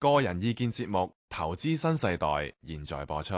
個人意見節目《投資新世代》現在播出。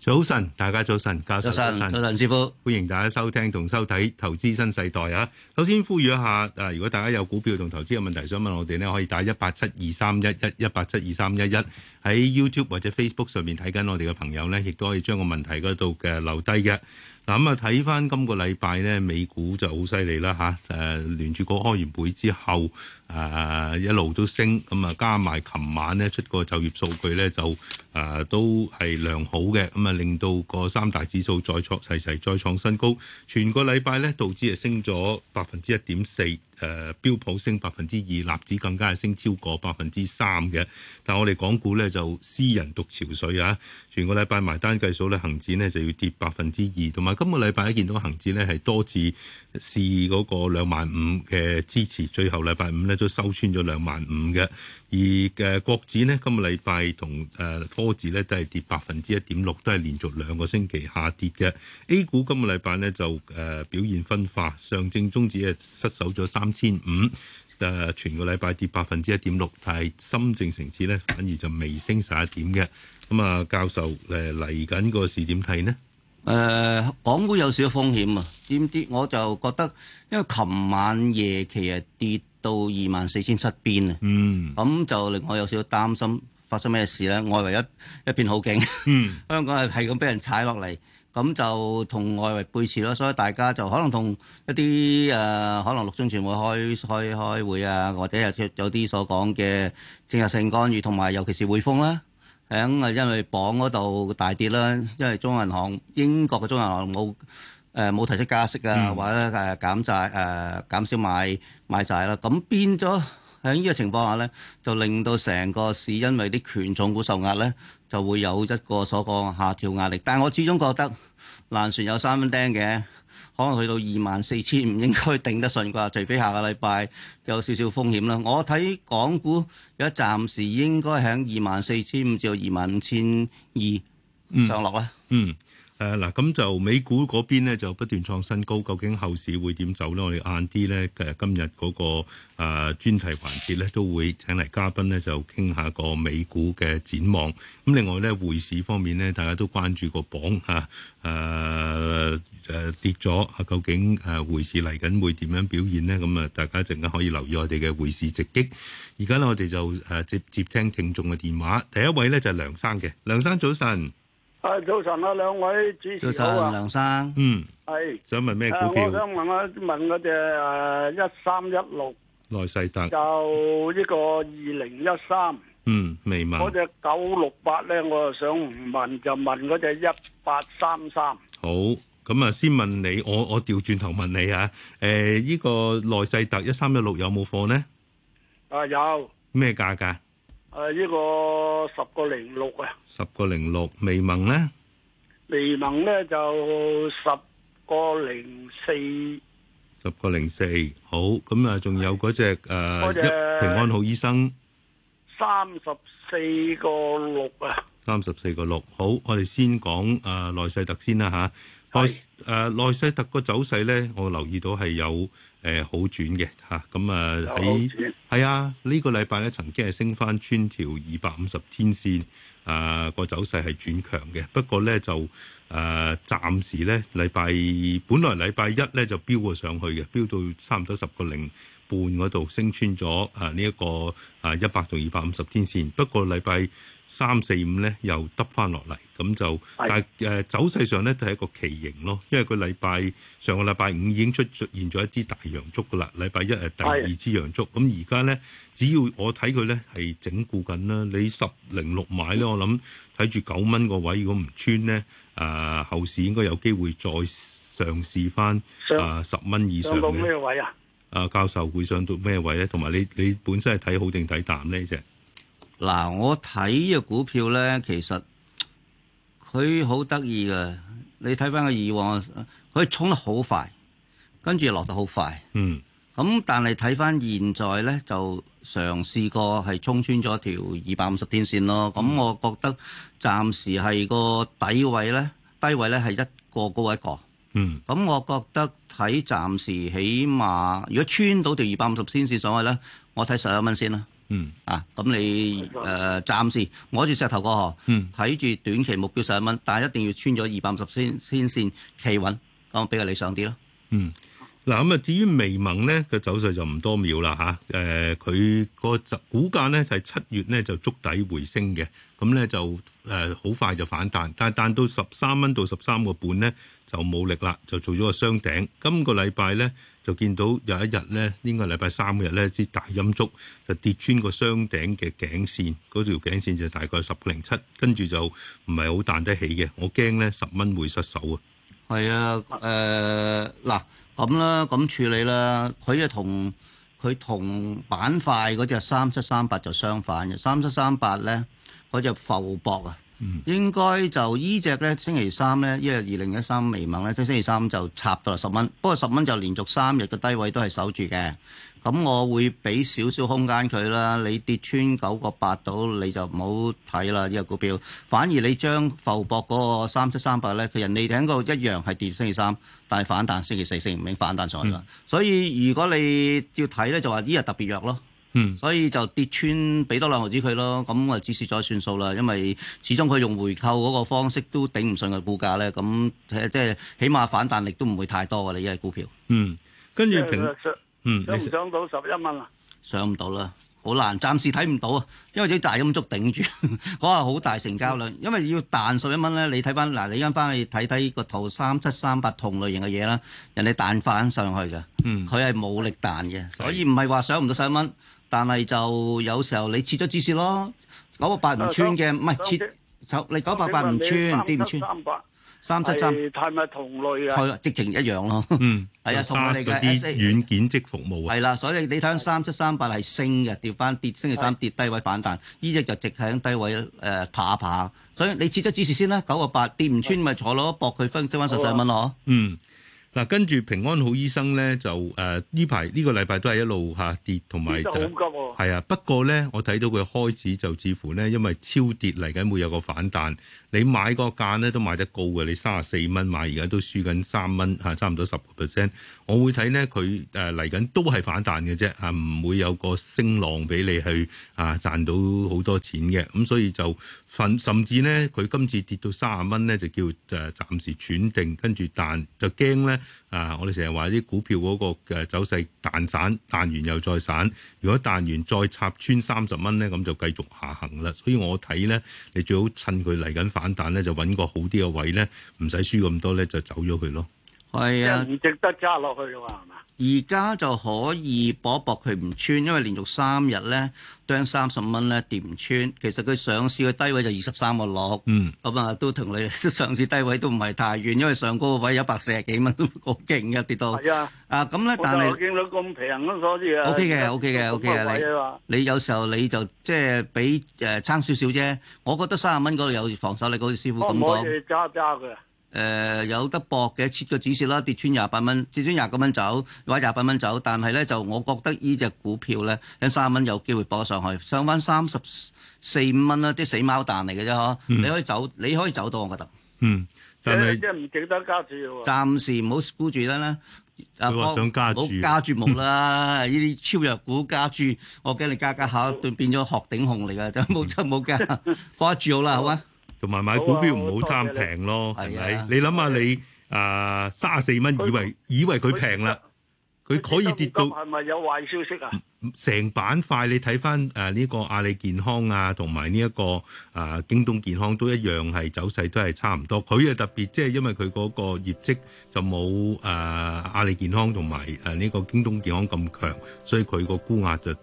早晨，大家早晨，教授早晨，早晨上，林師傅，歡迎大家收聽同收睇《投資新世代》啊！首先呼籲一下，誒，如果大家有股票同投資嘅問題想問我哋咧，可以打一八七二三一一一八七二三一一，喺 YouTube 或者 Facebook 上面睇緊我哋嘅朋友呢亦都可以將個問題嗰度嘅留低嘅。嗱咁啊，睇翻今個禮拜咧，美股就好犀利啦嚇！誒、啊，聯儲局開完會之後，誒、啊、一路都升，咁啊加埋琴晚咧出個就業數據咧就誒、啊、都係良好嘅，咁啊令到個三大指數再創齊齊再創新高，全個禮拜咧道指係升咗百分之一點四。誒、呃、標普升百分之二，納指更加係升超過百分之三嘅，但我哋港股咧就私人獨潮水啊！全個禮拜埋單計數咧，恒指呢就要跌百分之二，同埋今個禮拜一見到恒指呢，係多次試嗰個兩萬五嘅支持，最後禮拜五呢，都收穿咗兩萬五嘅。而嘅、呃、國指呢，今個禮拜同誒、呃、科指呢都係跌百分之一點六，都係連續兩個星期下跌嘅。A 股今個禮拜呢就誒、呃、表現分化，上證綜指誒失守咗三千五，誒、呃、全個禮拜跌百分之一點六，但係深證成指呢反而就微升十一點嘅。咁、嗯、啊，教授誒嚟緊個事點睇呢？誒、呃，港股有少少風險啊，點跌我就覺得，因為琴晚夜期啊跌。到二萬四千失邊啊！咁、嗯、就令我有少少擔心發生咩事咧？外圍一一片好勁，嗯、 香港係係咁俾人踩落嚟，咁就同外圍背馳咯。所以大家就可能同一啲誒、呃，可能六中全會開開開會啊，或者有有啲所講嘅政治性干預，同埋尤其是匯豐啦，喺因為榜嗰度大跌啦，因為中銀行、英國嘅中銀行冇。誒冇、呃、提出加息啊，或者誒、呃、減債誒、呃、減少買買債啦，咁變咗喺呢個情況下咧，就令到成個市因為啲權重股受壓咧，就會有一個所講嘅下調壓力。但係我始終覺得爛船有三蚊釘嘅，可能去到二萬四千五應該定得順啩，除非下個禮拜有少少風險啦。我睇港股而家暫時應該喺二萬四千五至到二萬五千二上落啦、嗯。嗯。誒嗱，咁、啊、就美股嗰邊呢就不斷創新高，究竟後市會點走呢？我哋晏啲呢，誒、那個，今日嗰個誒專題環節呢都會請嚟嘉賓呢，就傾下個美股嘅展望。咁另外呢，匯市方面呢，大家都關注個鎊吓誒誒跌咗啊，究竟誒匯市嚟緊會點樣表現呢？咁啊，大家陣間可以留意我哋嘅匯市直擊。而家呢，我哋就誒接接聽聽，聽眾嘅電話，第一位呢，就係、是、梁生嘅，梁生早晨。誒，早晨啊，兩位主持早啊，梁生，嗯，係想問咩股票？我想問啊，問嗰隻誒一三一六，耐世特就呢個二零一三，嗯，未問。嗰隻九六八咧，我又想唔問，就問嗰隻一八三三。好，咁啊，先問你，我我調轉頭問你啊，誒，呢個耐世特一三一六有冇貨咧？啊，有咩價噶？誒，呢個十個零六啊，十個零六，微盟咧，微盟咧就十個零四，十個零四，好，咁啊，仲有嗰隻誒平安好醫生，三十四個六啊，三十四個六，好，我哋先講誒內世特先啦吓。是內誒、呃、西特個走勢咧，我留意到係有誒、呃、好轉嘅嚇，咁啊喺係啊，呢、嗯啊這個禮拜咧曾經係升翻穿條二百五十天線，啊、呃、個走勢係轉強嘅。不過咧就誒暫、呃、時咧禮拜，本來禮拜一咧就飆過上去嘅，飆到差唔多十個零半嗰度，升穿咗啊呢一、這個啊一百到二百五十天線。不過禮拜三四五咧又得翻落嚟，咁就的但係誒、呃、走勢上咧都係一個奇形咯，因為佢禮拜上個禮拜五已經出現咗一支大陽燭噶啦，禮拜一係第二支陽燭，咁而家咧只要我睇佢咧係整固緊啦，你十零六買咧，我諗睇住九蚊個位，如果唔穿咧，誒、呃、後市應該有機會再嘗試翻啊十蚊以上。上咩位啊？啊教授會上到咩位咧？同埋你你，你本身係睇好定睇淡呢隻？嗱，我睇呢個股票咧，其實佢好得意㗎。你睇翻個以往，佢衝得好快，跟住落得好快。嗯。咁但係睇翻現在咧，就嘗試過係衝穿咗條二百五十天線咯。咁、嗯、我覺得暫時係個底位咧，低位咧係一個高一個。嗯。咁我覺得睇暫時起碼，如果穿到條二百五十天線，所謂咧，我睇十六蚊先啦。嗯，啊，咁你誒暫先，呃、時摸住石頭過河，睇住、嗯、短期目標十一蚊，但係一定要穿咗二百五十先先線企穩，咁比較理想啲咯。嗯。嗱咁啊，至於微盟咧嘅走勢就唔多妙啦嚇，誒、呃、佢個集股價咧係七月咧就築底回升嘅，咁咧就誒好、呃、快就反彈，但係彈到十三蚊到十三個半咧就冇力啦，就做咗個雙頂。今個禮拜咧就見到有一應該日咧，呢個禮拜三日咧支大陰燭就跌穿個雙頂嘅頸線，嗰條頸線就大概十零七，跟住就唔係好彈得起嘅。我驚咧十蚊會失守啊！係、呃、啊，誒嗱。咁啦，咁處理啦。佢啊同佢同板塊嗰隻三七三八就相反嘅。三七三八呢，佢就浮薄啊。嗯，應該就隻呢隻呢星期三呢，因為二零一三微盟呢，即星期三就插到啦十蚊。不過十蚊就連續三日嘅低位都係守住嘅。咁我會俾少少空間佢啦。嗯、你跌穿九個八度，你就唔好睇啦呢個股票。反而你將阜博嗰個三七三八咧，佢人哋睇到一樣係跌星期三，但係反彈星期四、星期五已經反彈上去啦。嗯、所以如果你要睇咧，就話呢日特別弱咯。嗯。所以就跌穿，俾多兩毫子佢咯。咁啊，只是再算數啦。因為始終佢用回購嗰個方式都頂唔順個股價咧。咁、嗯、即係起碼反彈力都唔會太多㗎。你、這、呢個股票。嗯，跟住平。嗯，上唔上到十一蚊啊？上唔到啦，好難，暫時睇唔到啊，因為啲大陰燭頂住，嗰下好大成交量，因為要彈十一蚊咧，你睇翻嗱，你而家翻去睇睇個圖三七三八同類型嘅嘢啦，人哋彈翻上去嘅，嗯，佢係冇力彈嘅，所以唔係話上唔到十一蚊，但係就有時候你切咗止蝕咯，九個八唔穿嘅，唔係切你九八八唔穿跌唔穿。是三七三係咪同類啊？係啊，直情一樣咯。嗯，係、就、啊、是， 同我哋嘅軟件即服務啊。係啦，所以你睇三七三八係升嘅，掉翻跌星期三跌低位反彈，呢隻的就直喺低位誒、呃、爬一爬，所以你設咗指示先啦，九個八跌唔穿咪的坐攞，搏佢分析翻十零蚊咯。啊啊、嗯。嗱，跟住平安好醫生咧就誒呢排呢個禮拜都係一路下、啊、跌，同埋係啊。不過咧，我睇到佢開始就似乎咧，因為超跌嚟緊會有個反彈。你買個價咧都買得高嘅，你三十四蚊買而家都輸緊三蚊嚇，差唔多十個 percent。我會睇咧佢誒嚟緊都係反彈嘅啫，啊唔、啊、會有個升浪俾你去啊賺到好多錢嘅。咁、啊、所以就。甚至咧，佢今次跌到三十蚊咧，就叫誒暫時喘定，跟住彈就驚咧。啊！我哋成日話啲股票嗰個誒走勢彈散彈完又再散，如果彈完再插穿三十蚊咧，咁就繼續下行啦。所以我睇咧，你最好趁佢嚟緊反彈咧，就揾個好啲嘅位咧，唔使輸咁多咧，就走咗佢咯。係啊，唔值得揸落去咯，係嘛？而家就可以搏一搏佢唔穿，因為連續三日咧，跌三十蚊咧，跌唔穿。其實佢上市嘅低位就二十三個六，咁啊、嗯、都同你上市低位都唔係太遠，因為上高個位有一百四十幾蚊好勁嘅跌到。係的啊，啊咁咧，我就 但係是我見到咁平囉所以。嘢、okay。O K 嘅，O K 嘅，O K 嘅。Okay 嗯 okay、你你有時候你就即係比誒撐少少啫。我覺得三十蚊嗰度有防守力，嗰啲師傅咁講。我係揸揸佢。誒、呃、有得搏嘅，切個止蝕啦，跌穿廿八蚊，跌穿廿九蚊走，或者廿八蚊走。但係咧，就我覺得呢隻股票咧，一三蚊有機會搏上去，上翻三十四五蚊啦，啲死貓彈嚟嘅啫嗬，嗯、你可以走，你可以走到我覺得。嗯，就係即係唔記得加注喎。暫時唔好箍住啦，啊幫唔好加注冇啦，呢啲 超弱股加注，我驚你加加下變變咗學頂紅嚟㗎，嗯、就冇就冇加， 加注好啦，好啊。 同埋買股票唔好貪平咯，係咪？你諗下你啊，三啊四蚊，你想想你呃、以為 以為佢平啦。佢可以跌到，係咪有壞消息啊？成板塊你睇翻誒呢個阿里健康啊，同埋呢一個誒、啊、京東健康都一樣係走勢都係差唔多。佢啊特別即係因為佢嗰個業績就冇誒、啊、阿里健康同埋誒呢個京東健康咁強，所以佢個沽壓就誒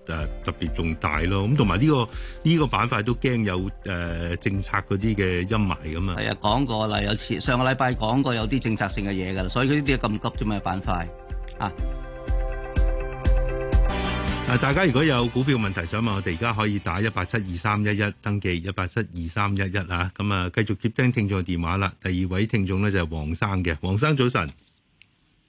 特別仲大咯。咁同埋呢個呢、呢個板塊都驚有誒、啊、政策嗰啲嘅陰霾咁啊。係啊，講過啦，有次上個禮拜講過有啲政策性嘅嘢噶啦，所以佢呢啲咁急做咩，板塊啊。嗱，大家如果有股票問題，想問我哋，而家可以打一八七二三一一登記，一八七二三一一啊。咁、嗯、啊，繼續接聽聽眾電話啦。第二位聽眾咧就係黃生嘅，黃生早晨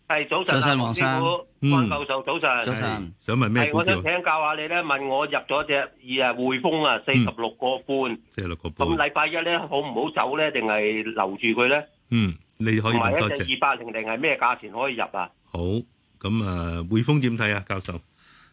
係，早晨早晨。傅，黃教授早晨，早晨，想問咩股票？我想請教下你咧，問我入咗隻二啊匯豐啊四十六個半，四十六個半咁，禮拜一咧，好唔好走咧？定係留住佢咧？嗯，你可以問多一隻二八零零係咩價錢可以入啊？好咁啊，匯豐點睇啊，教授？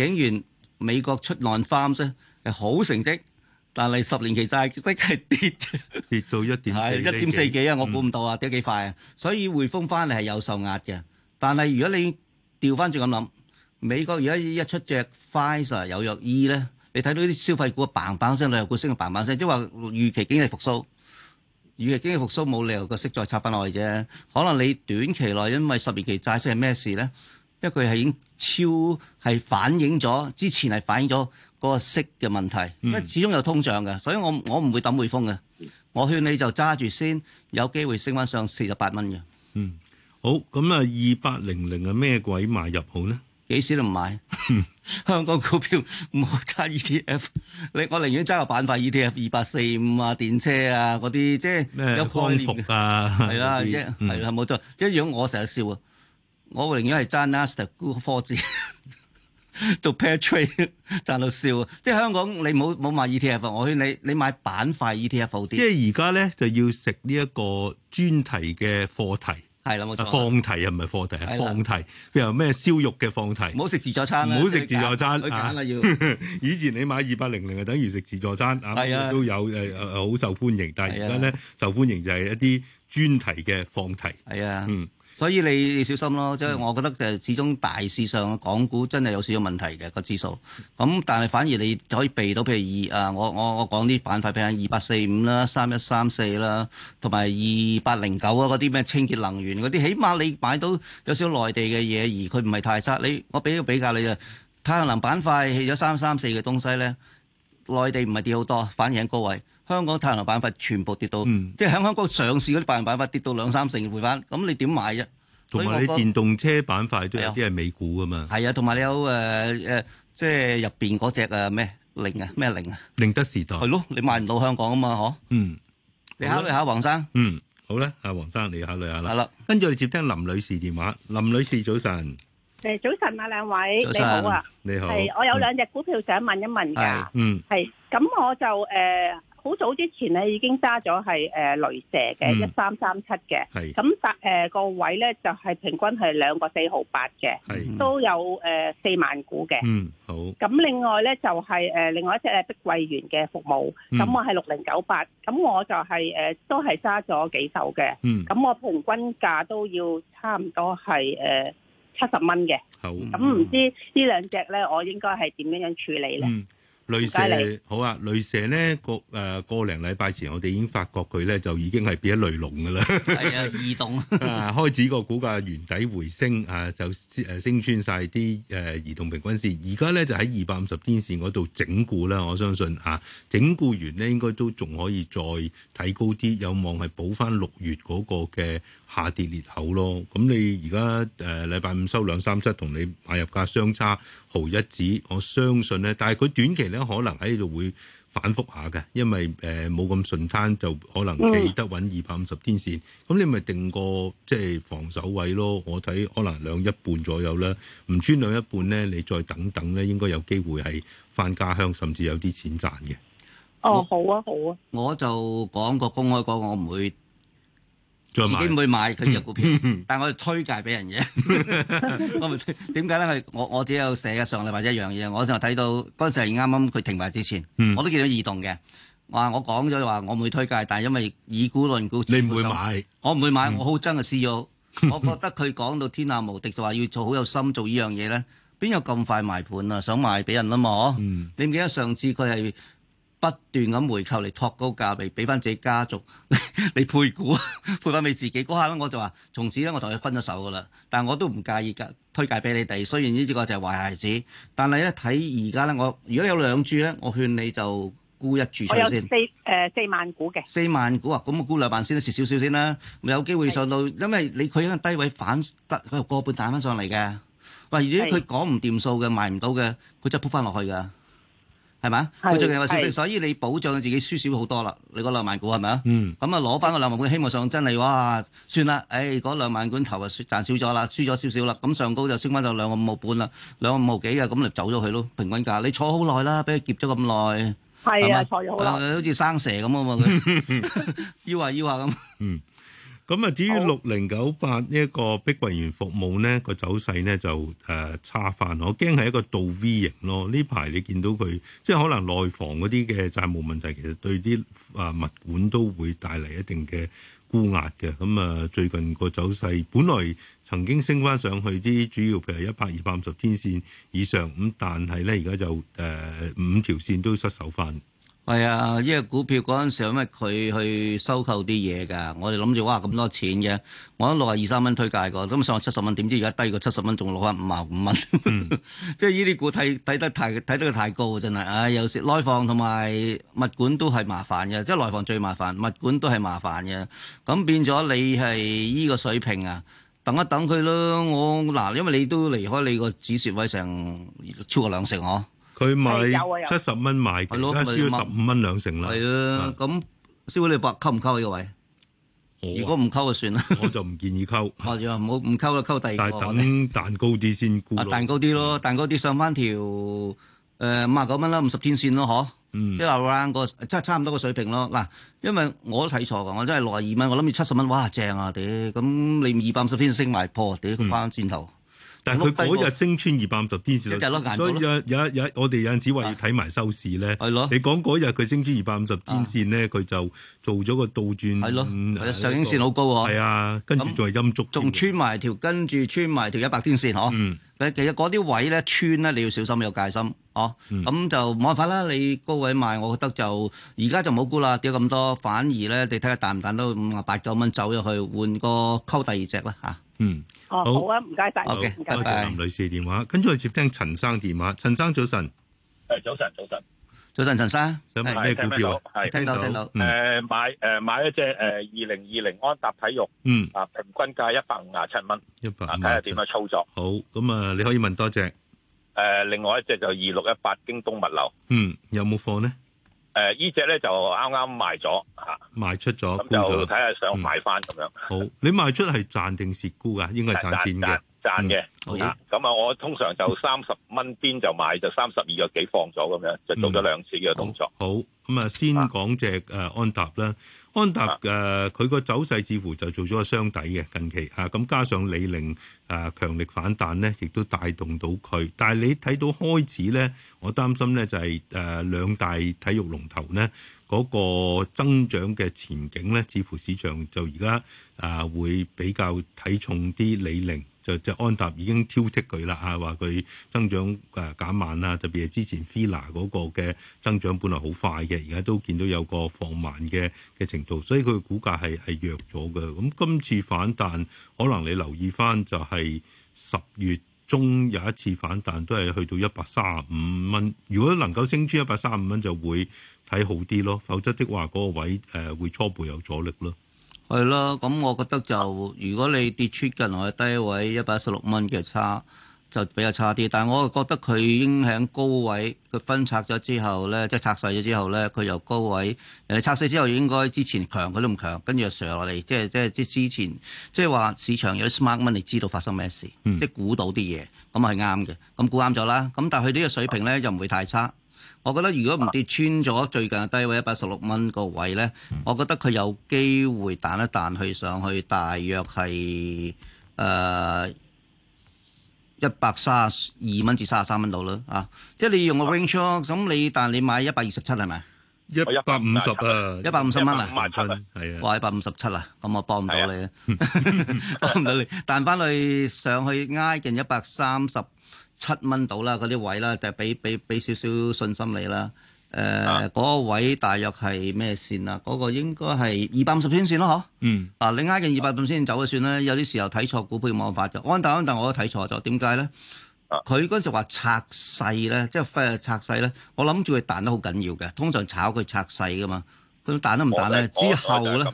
警員美國出 Non-Farm 啫，係好成績，但係十年期債息係跌，跌到一點係一點四幾啊！我估唔到啊，跌幾快啊！所以匯豐翻嚟係有受壓嘅。但係如果你調翻轉咁諗，美國而家一出隻 Pfizer 有藥醫咧，你睇到啲消費股棒棒聲，旅遊股升棒棒聲，即係話預期經濟復蘇。預期經濟復蘇冇理由個息再插翻落去啫。可能你短期內因為十年期債息係咩事咧？因為佢係已經超，係反映咗之前係反映咗嗰個息嘅問題，因為始終有通脹嘅，所以我我唔會揼匯豐嘅。我勸你就揸住先，有機會升翻上四十八蚊嘅。嗯，好，咁啊，二八零零係咩鬼買入好呢？幾時都唔買，香港股票唔好揸 ETF，你我寧願揸個板塊 ETF，二八四五啊，電車啊嗰啲，即係咩光伏啊，係啦，即係係啦，冇錯，如果我成日笑啊。我寧願係揸 NASDAQ 做 pair trade 賺到笑，即係香港你冇冇買 ETF，我勸你你買板塊 ETF 好啲。即係而家咧就要食呢一個專題嘅課題，係啦冇錯，放題啊唔係課題啊，放題，譬如咩燒肉嘅放題，唔好食自助餐唔好食自助餐啊，以前你買二百零零啊，等於食自助餐啊，係啊，都有誒好受歡迎，但係而家咧受歡迎就係一啲專題嘅放題，係啊，嗯。所以你,你小心咯，即係我覺得就係始終大市上，港股真係有少少問題嘅、嗰個指數。咁但係反而你可以避到，譬如二啊，我我我講啲板塊，譬如二八四五啦、三一三四啦，同埋二八零九啊嗰啲咩清潔能源嗰啲，起碼你買到有少少內地嘅嘢，而佢唔係太差。你我俾個比較你啊，太陽能板塊去咗三三四嘅東西咧，內地唔係跌好多，反而喺高位。香港太陽能板塊全部跌到，即係喺香港上市嗰啲太陽能板塊跌到兩三成回翻，咁你點買啫？同埋你電動車板塊都有啲係美股噶嘛？係啊，同埋你有誒誒，即係入邊嗰隻誒咩寧啊？咩寧啊？寧德時代係咯，你買唔到香港啊嘛？嗬？嗯，你考慮下黃生。嗯，好啦，阿黃生，你考慮下啦。係啦，跟住我哋接聽林女士電話。林女士早晨。誒，早晨啊，兩位，早晨。你好啊，你好。係，我有兩隻股票想問一問噶。嗯。係，咁我就誒。好早之前咧，已經揸咗係誒雷蛇嘅一三三七嘅，咁大誒個位咧就係平均係兩個四毫八嘅，是都有誒四萬股嘅。嗯，好。咁另外咧就係誒另外一隻碧桂園嘅服務，咁、嗯、我係六零九八，咁我就係、是、誒、呃、都係揸咗幾手嘅。嗯，咁我平均價都要差唔多係誒七十蚊嘅。好，咁唔知呢兩隻咧，我應該係點樣樣處理咧？嗯雷蛇好啊！雷蛇咧個誒個零禮拜前，我哋已經發覺佢咧就已經係變咗雷龍噶啦。係啊，移動啊， 開始個股價原底回升啊，就誒升穿晒啲誒移動平均線。而家咧就喺二百五十天線嗰度整固啦。我相信啊，整固完咧應該都仲可以再提高啲，有望係補翻六月嗰個嘅下跌裂口咯。咁你而家誒禮拜五收兩三七，同你買入價相差毫一子，我相信咧。但係佢短期咧。可能喺度會反覆下嘅，因為誒冇咁順攤，就可能企得穩二百五十天線。咁、嗯、你咪定個即係防守位咯。我睇可能兩一半左右啦，唔穿兩一半呢，你再等等呢，應該有機會係返家鄉，甚至有啲錢賺嘅。哦，我哦，好啊，好啊，我就講個公開講，我唔會。自己唔會買佢隻股票， 但我哋推介俾人嘅。 我唔知點解咧？我我只有寫上嚟或者一樣嘢。我先係睇到嗰陣係啱啱佢停牌之前，嗯、我都見到異動嘅。話我講咗話我唔會推介，但係因為以股論股，你唔會，會買，我唔會買。我好憎嘅 CEO，我覺得佢講到天下無敵，就話要做好有心做呢樣嘢咧，邊有咁快賣盤啊？想賣俾人啦、啊、嘛？嗯、你唔記得上次佢係？不斷咁回購嚟托高價嚟俾翻自己家族 你配股，配翻俾自己嗰下咧，我就話：從此咧，我同佢分咗手噶啦。但係我都唔介意介推介俾你哋，雖然呢個就係壞孩子。但係咧睇而家咧，我如果有兩注咧，我勸你就沽一注先。我有四誒四萬股嘅。四萬股啊！咁我沽兩萬先啦，蝕少少先啦，咪有機會上到，是因為你佢喺低位反得佢個半彈翻上嚟嘅。哇！如果佢講唔掂數嘅，賣唔是到嘅，佢真係撲翻落去㗎。係嘛？佢最近話消息，所以你保障自己輸少好多啦。你嗰兩萬股係咪啊？咁啊攞翻個兩萬股，希望上真係哇！算啦，誒、哎、嗰兩萬股頭啊，賺少咗啦，輸咗少少啦。咁上高就升翻到兩個五毫半啦，兩個五毫幾嘅，咁就走咗佢咯，平均價。你坐好耐啦，俾佢劫咗咁耐，係啊，吧坐咗、啊、好耐、好似生蛇咁啊嘛，佢搖下搖下咁。 咁啊，至於六零九八呢一個碧桂園服務咧、嗰個走勢咧就誒、呃、差翻，我驚係一個倒 V 型咯。呢排你見到佢，即係可能內房嗰啲嘅債務問題，其實對啲啊物管都會帶嚟一定嘅沽壓嘅。咁、嗯、啊，最近個走勢本來曾經升翻上去啲，主要譬如一百二百五十天線以上，咁但係咧而家就誒、呃、五條線都失守翻。係啊，呢、哎、因為股票嗰陣時有咩佢去收購啲嘢噶，我哋諗住哇咁多錢嘅，我都六啊二三蚊推介過，咁上七十蚊，點知而家低過七十蚊，仲攞翻五啊五蚊。 嗯、即係呢啲股睇睇得太睇得太高，真係！唉、啊，有時內房同埋物管都係麻煩嘅，即係內房最麻煩，物管都係麻煩嘅。咁變咗你係呢個水平啊？等一等佢咯。我嗱，因為你都離開你個止蝕位成超過兩成呵。啊佢賣七十蚊買,買，而家的燒十五蚊兩成啦。係啊的，咁師傅你百溝唔溝呢個位？啊、如果唔溝就算啦， 我就唔建議溝。我話冇唔溝就溝第二個。但係等蛋糕啲先估。 蛋糕啲咯，蛋糕啲上翻條誒五十九蚊啦，五十天線咯，嗬、嗯。即係 around 個，即係差唔多個水平咯。嗱，因為我都睇錯㗎，我真係六廿二蚊，我諗住七十蚊，哇，正啊！屌、嗯，咁你二百五十天升埋破，跌翻轉頭。嗯嗯嗯嗯但佢嗰日升穿二百五十天線，嗯嗯嗯、所以有有有我哋有陣時話要睇埋收市咧。係咯、啊。你講嗰日佢升穿二百五十天線咧，佢、啊、就做咗個倒轉。係咯、啊嗯。上影線好高。係啊，啊。跟住仲係陰足。仲穿埋條，跟住穿埋條一百天線呵。嗯、啊。其實嗰啲位咧穿咧，你要小心有戒心。哦、啊。咁、嗯、就冇辦法啦。你高位賣，我覺得就而家就冇沽啦。跌咁多，反而咧，你睇下彈唔彈到五啊八九蚊走咗去，換個溝第二隻啦嚇。啊嗯，哦好啊，唔該晒，唔該晒。林女士電話，跟住我接聽陳生電話。陳生早晨，誒早晨早晨早晨陳生，想咩股票？係聽到聽到，誒買誒買一隻誒二零二零安踏體育，嗯啊平均價一百五廿七蚊，一百五睇下點樣操作。好，咁啊你可以問多隻，誒另外一隻就二六一八京東物流，嗯有冇貨呢？誒呢隻咧就啱啱賣咗嚇，賣出咗，咁就睇下想買翻咁、嗯、樣。好，你賣出係賺定蝕沽㗎？應該係賺錢嘅，賺嘅。好啦，咁啊、嗯，okay。我通常就三十蚊邊就買，就三十二個幾放咗咁樣，就做咗兩次嘅動作。嗯、好，咁啊、嗯、先講隻誒安踏啦。安踏誒佢個走勢似乎就做咗個雙底嘅近期啊，咁加上李寧誒強、呃、力反彈咧，亦都帶動到佢。但係你睇到開始咧，我擔心咧就係、是、誒、呃、兩大體育龍頭咧嗰、那個增長嘅前景咧，似乎市場就而家啊會比較睇重啲李寧。就就安踏已經挑剔佢啦吓，話佢增長誒減慢啦，特別係之前 Fila 嗰個嘅增長本來好快嘅，而家都見到有個放慢嘅嘅程度，所以佢嘅股價係係弱咗嘅。咁今次反彈，可能你留意翻就係十月中有一次反彈，都係去到一百三十五蚊。如果能夠升穿一百三十五蚊，就會睇好啲咯，否則的話嗰個位誒會初步有阻力咯。係咯，咁我覺得就如果你跌出近來低位一百一十六蚊嘅差，就比較差啲。但係我覺得佢應喺高位，佢分拆咗之後咧，即係拆細咗之後咧，佢又高位。人哋拆細之後應該之前強佢都唔強，跟住又上落嚟，即係即係啲之前即係話市場有啲 smart man，你知道發生咩事，嗯、即係估到啲嘢，咁係啱嘅。咁估啱咗啦。咁但係佢呢個水平咧，就唔、嗯、會太差。我覺得如果唔跌穿咗最近低位一百十六蚊個位咧，我覺得佢有機會彈一彈去上去大約係誒一百三十二蚊至三十三蚊度啦啊！即係你用個 range 啊咁你但你買一百二十七係咪？一百五十啊！一百五十蚊啊！五萬七係啊！哇！一百五十七啦，咁我幫唔到你啊，幫唔到你，彈翻去上去挨近一百三十。七蚊到啦，嗰啲位啦，就俾俾俾少少信心你啦。誒、呃，嗰個、啊、位大約係咩線啊？嗰、嗰個應該係二百五十天線咯，嗬。嗯。啊，你挨近二百五十天線走咗算啦。有啲時候睇錯股票，冇辦法就安達安達、啊，我都睇錯咗。點解咧？佢嗰時話拆細咧，即係翻嚟拆細咧。我諗住佢彈得好緊要嘅，通常炒佢拆細噶嘛。佢彈得唔彈咧？就是、之後咧，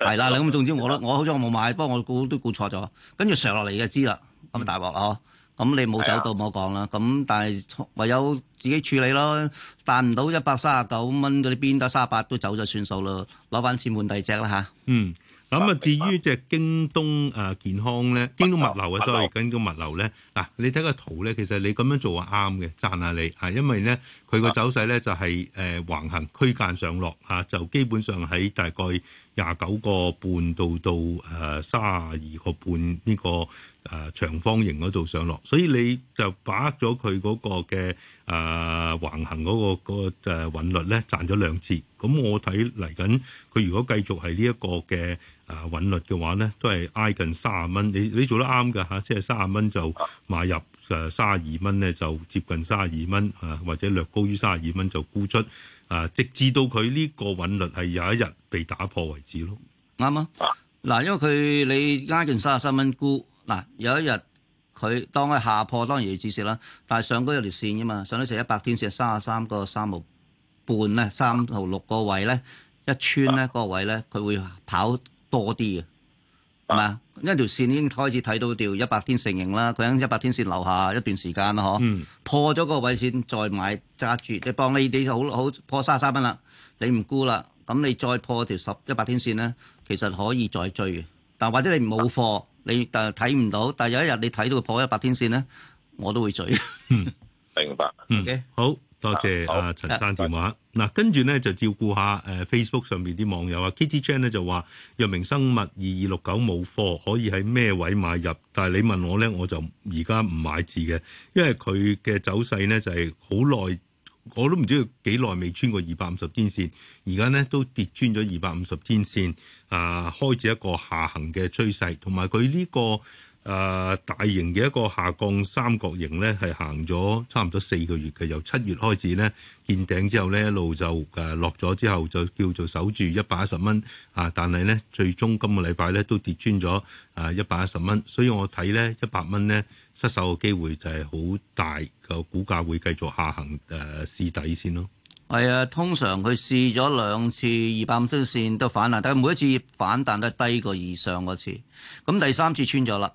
係啦，咁 總之我咧，我好似我冇買，不過我估都估錯咗。跟住上落嚟嘅知啦，咁大鑊嗬。咁你冇走都唔好講啦，咁但係唯有自己處理咯。賺唔到一百三十九蚊嗰啲，邊得三十八都走咗算數咯，攞翻錢換第二隻啦嚇。嗯。咁啊，至於隻京東誒健康咧，啊、京東物流嘅、啊、所謂京東物流咧，嗱、啊、你睇個圖咧，其實你咁樣做係啱嘅，讚下你啊，因為咧佢個走勢咧就係、是、誒、啊、橫行區間上落啊，就基本上喺大概廿九個半到到誒卅二個半呢個誒長方形嗰度上落，所以你就把握咗佢嗰個嘅誒、啊、橫行嗰、那個、那個誒韻律咧，賺咗兩次。咁我睇嚟緊佢如果繼續係呢一個嘅。啊，穩率嘅話咧，都係挨近卅蚊。你你做得啱嘅嚇，即係卅蚊就買入，誒卅二蚊咧就接近卅二蚊，啊或者略高於卅二蚊就沽出，啊直至到佢呢個穩率係有一日被打破為止咯。啱啊，嗱，因為佢你挨近卅三蚊沽，嗱有一日佢當佢下破當然要止蝕啦，但係上高有條線嘅嘛，上到成一百天線卅三個三毫半咧，三毫六個位咧一穿咧、啊、個位咧，佢會跑多啲嘅，係咪、啊？因為條線已經開始睇到條一百天成形啦，佢喺一百天線樓下一段時間啦，嗬、嗯。破咗嗰位線再買揸住，你幫你你好好破三十三蚊啦，你唔沽啦，咁你再破條十一百天線咧，其實可以再追嘅。但或者你冇貨，你但係睇唔到，但係有一日你睇到佢破一百天線咧，我都會追。嗯、 明白。OK，、嗯、好。多謝阿、啊、好陳生電話。嗱對，跟住咧就照顧下誒、呃、Facebook 上面啲網友啊，Kitty Chan 咧就話藥明生物二二六九冇貨，可以喺咩位買入？但係你問我咧，我就而家唔買字嘅，因為佢嘅走勢咧就係好耐，我都唔知佢幾耐未穿過二百五十天線，而家咧都跌穿咗二百五十天線，啊、呃，開始一個下行嘅趨勢，同埋佢呢個。誒、uh, 大型嘅一個下降三角形咧，係行咗差唔多四個月嘅，由七月開始咧見頂之後咧，一路就誒落咗之後，就叫做守住一百一十蚊啊！但係咧，最終今個禮拜咧都跌穿咗啊一百一十蚊，所以我睇咧一百蚊咧失手嘅機會就係好大，個股價會繼續下行誒試、啊、底先咯。係啊，通常佢試咗兩次二百五十線都反彈，但係每一次反彈都係低過以上嗰次，咁第三次穿咗啦。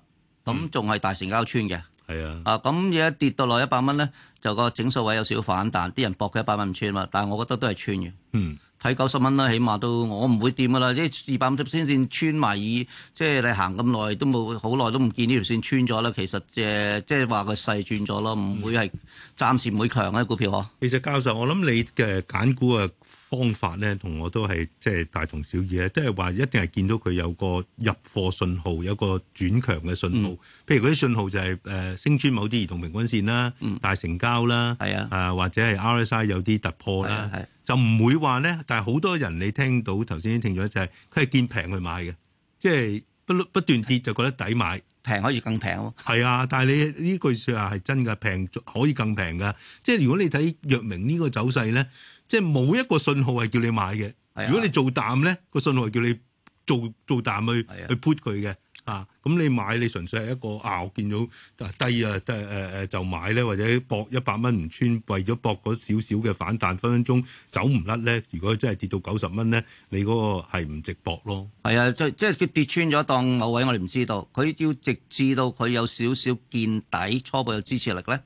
咁仲係大成交穿嘅，係啊，啊咁而家跌到落一百蚊咧，就個整數位有少少反彈，啲人搏佢一百蚊唔穿嘛，但係我覺得都係穿嘅。嗯，睇九十蚊啦，起碼都我唔會掂噶啦，啲二百五十先先穿埋耳，即係你行咁耐都冇好耐都唔見呢條線穿咗啦。其實誒，即係話佢勢轉咗咯，唔會係、嗯、暫時唔會強嘅股票呵。其實教授，我諗你嘅揀股啊。方法咧，同我都係即係大同小異咧，即係話一定係見到佢有個入貨信號，有個轉強嘅信號。嗯、譬如嗰啲信號就係、是、誒、呃、升穿某啲移動平均線啦，嗯、大成交啦，誒、呃、或者係 RSI 有啲突破啦，嗯、就唔會話咧。但係好多人你聽到頭先聽咗就係佢係見平去買嘅，即、就、係、是、不不斷跌就覺得抵買，平可以更平。係啊，但係你呢句説話係真㗎，平可以更平㗎。即係如果你睇藥明呢個走勢咧。即係冇一個信號係叫你買嘅。啊、如果你做淡咧，個信號係叫你做做淡去、啊、去 put 佢嘅。啊，咁你買你純粹係一個咬、啊、見到低啊，誒、呃、誒就買咧，或者博一百蚊唔穿，為咗博嗰少少嘅反彈，分分鐘走唔甩咧。如果真係跌到九十蚊咧，你嗰個係唔值博咯。係啊，即即係佢跌穿咗當某位我哋唔知道，佢要直至到佢有少少見底初步有支持力咧，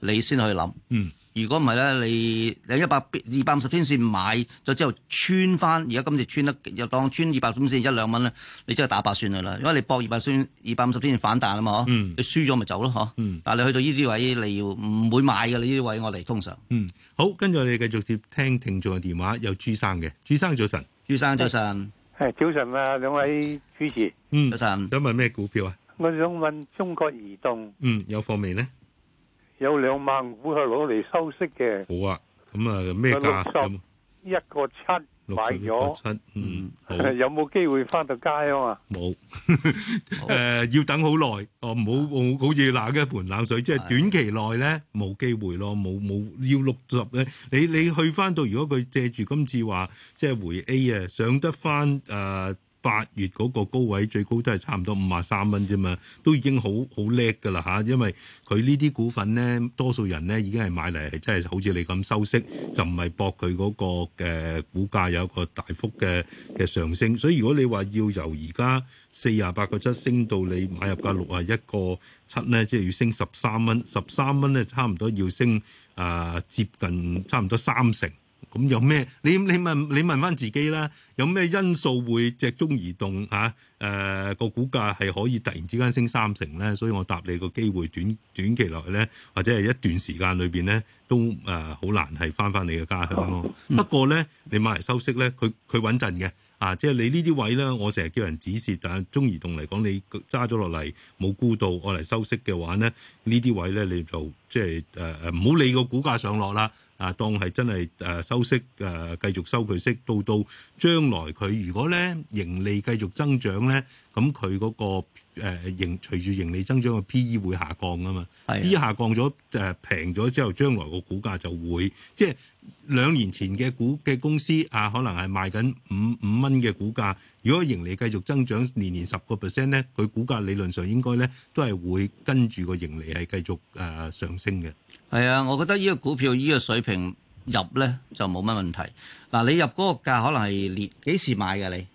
你先去諗。嗯。如果唔係咧，你有一百二百五十天線買咗之後穿翻，而家今次穿得又當穿二百五線一兩蚊咧，你真係打百算嘅啦。如果你搏二百算二百五十天線反彈啊嘛，嗯、你輸咗咪走咯，嗬、嗯。但係你去到呢啲位，你要唔會買㗎你呢啲位，我嚟通常。嗯，好，跟住我哋繼續接聽聽眾嘅電話，有朱生嘅，朱生早晨，朱生早晨，係早晨啊，兩位主持，早晨，想問咩股票啊？我想問中國移動，嗯，有貨未呢？有兩萬股係攞嚟收息嘅，好啊，咁啊咩價咁？一個七買咗，七嗯，有冇機會翻到街啊？冇，誒，要等好耐哦，唔好好似嗱嘅一盆冷水，即係短期內咧冇機會咯，冇冇要六十咧，你你去翻到如果佢借住今次話即係回 A 啊，上得翻誒。八月嗰個高位最高都係差唔多五啊三蚊啫嘛，都已經好好叻㗎啦嚇，因為佢呢啲股份咧，多數人咧已經係買嚟係真係好似你咁收息，就唔係博佢嗰個嘅股價有一個大幅嘅嘅上升。所以如果你話要由而家四啊八個七升到你買入價六啊一個七咧，即係要升十三蚊，十三蚊咧差唔多要升啊接近差唔多三成。咁有咩？你你問你問翻自己啦，有咩因素會隻中移動嚇？誒、啊、個、呃、股價係可以突然之間升三成咧，所以我答你個機會短短期落去咧，或者係一段時間裏邊咧，都誒好、呃、難係翻翻你嘅家鄉咯。不過咧，你買嚟收息咧，佢佢穩陣嘅啊！即係你呢啲位咧，我成日叫人止蝕，但係中移動嚟講，你揸咗落嚟冇沽到，我嚟收息嘅話咧，呢啲位咧你就即係誒誒唔好理個股價上落啦。啊，當係真係誒、啊、收息，誒、啊、繼續收佢息，到到將來佢如果咧盈利繼續增長咧，咁佢嗰個誒盈隨住盈利增長嘅 P E 會下降啊嘛，P E 的下降咗誒平咗之後，將來個股價就會即係兩年前嘅股嘅公司啊，可能係賣緊五五蚊嘅股價，如果盈利繼續增長年年十個 percent 咧，佢股價理論上應該咧都係會跟住個盈利係繼續誒上升嘅。係啊，我覺得呢個股票呢個水平入咧就冇乜問題。嗱、啊，你入嗰個價可能係年幾時買嘅你？誒、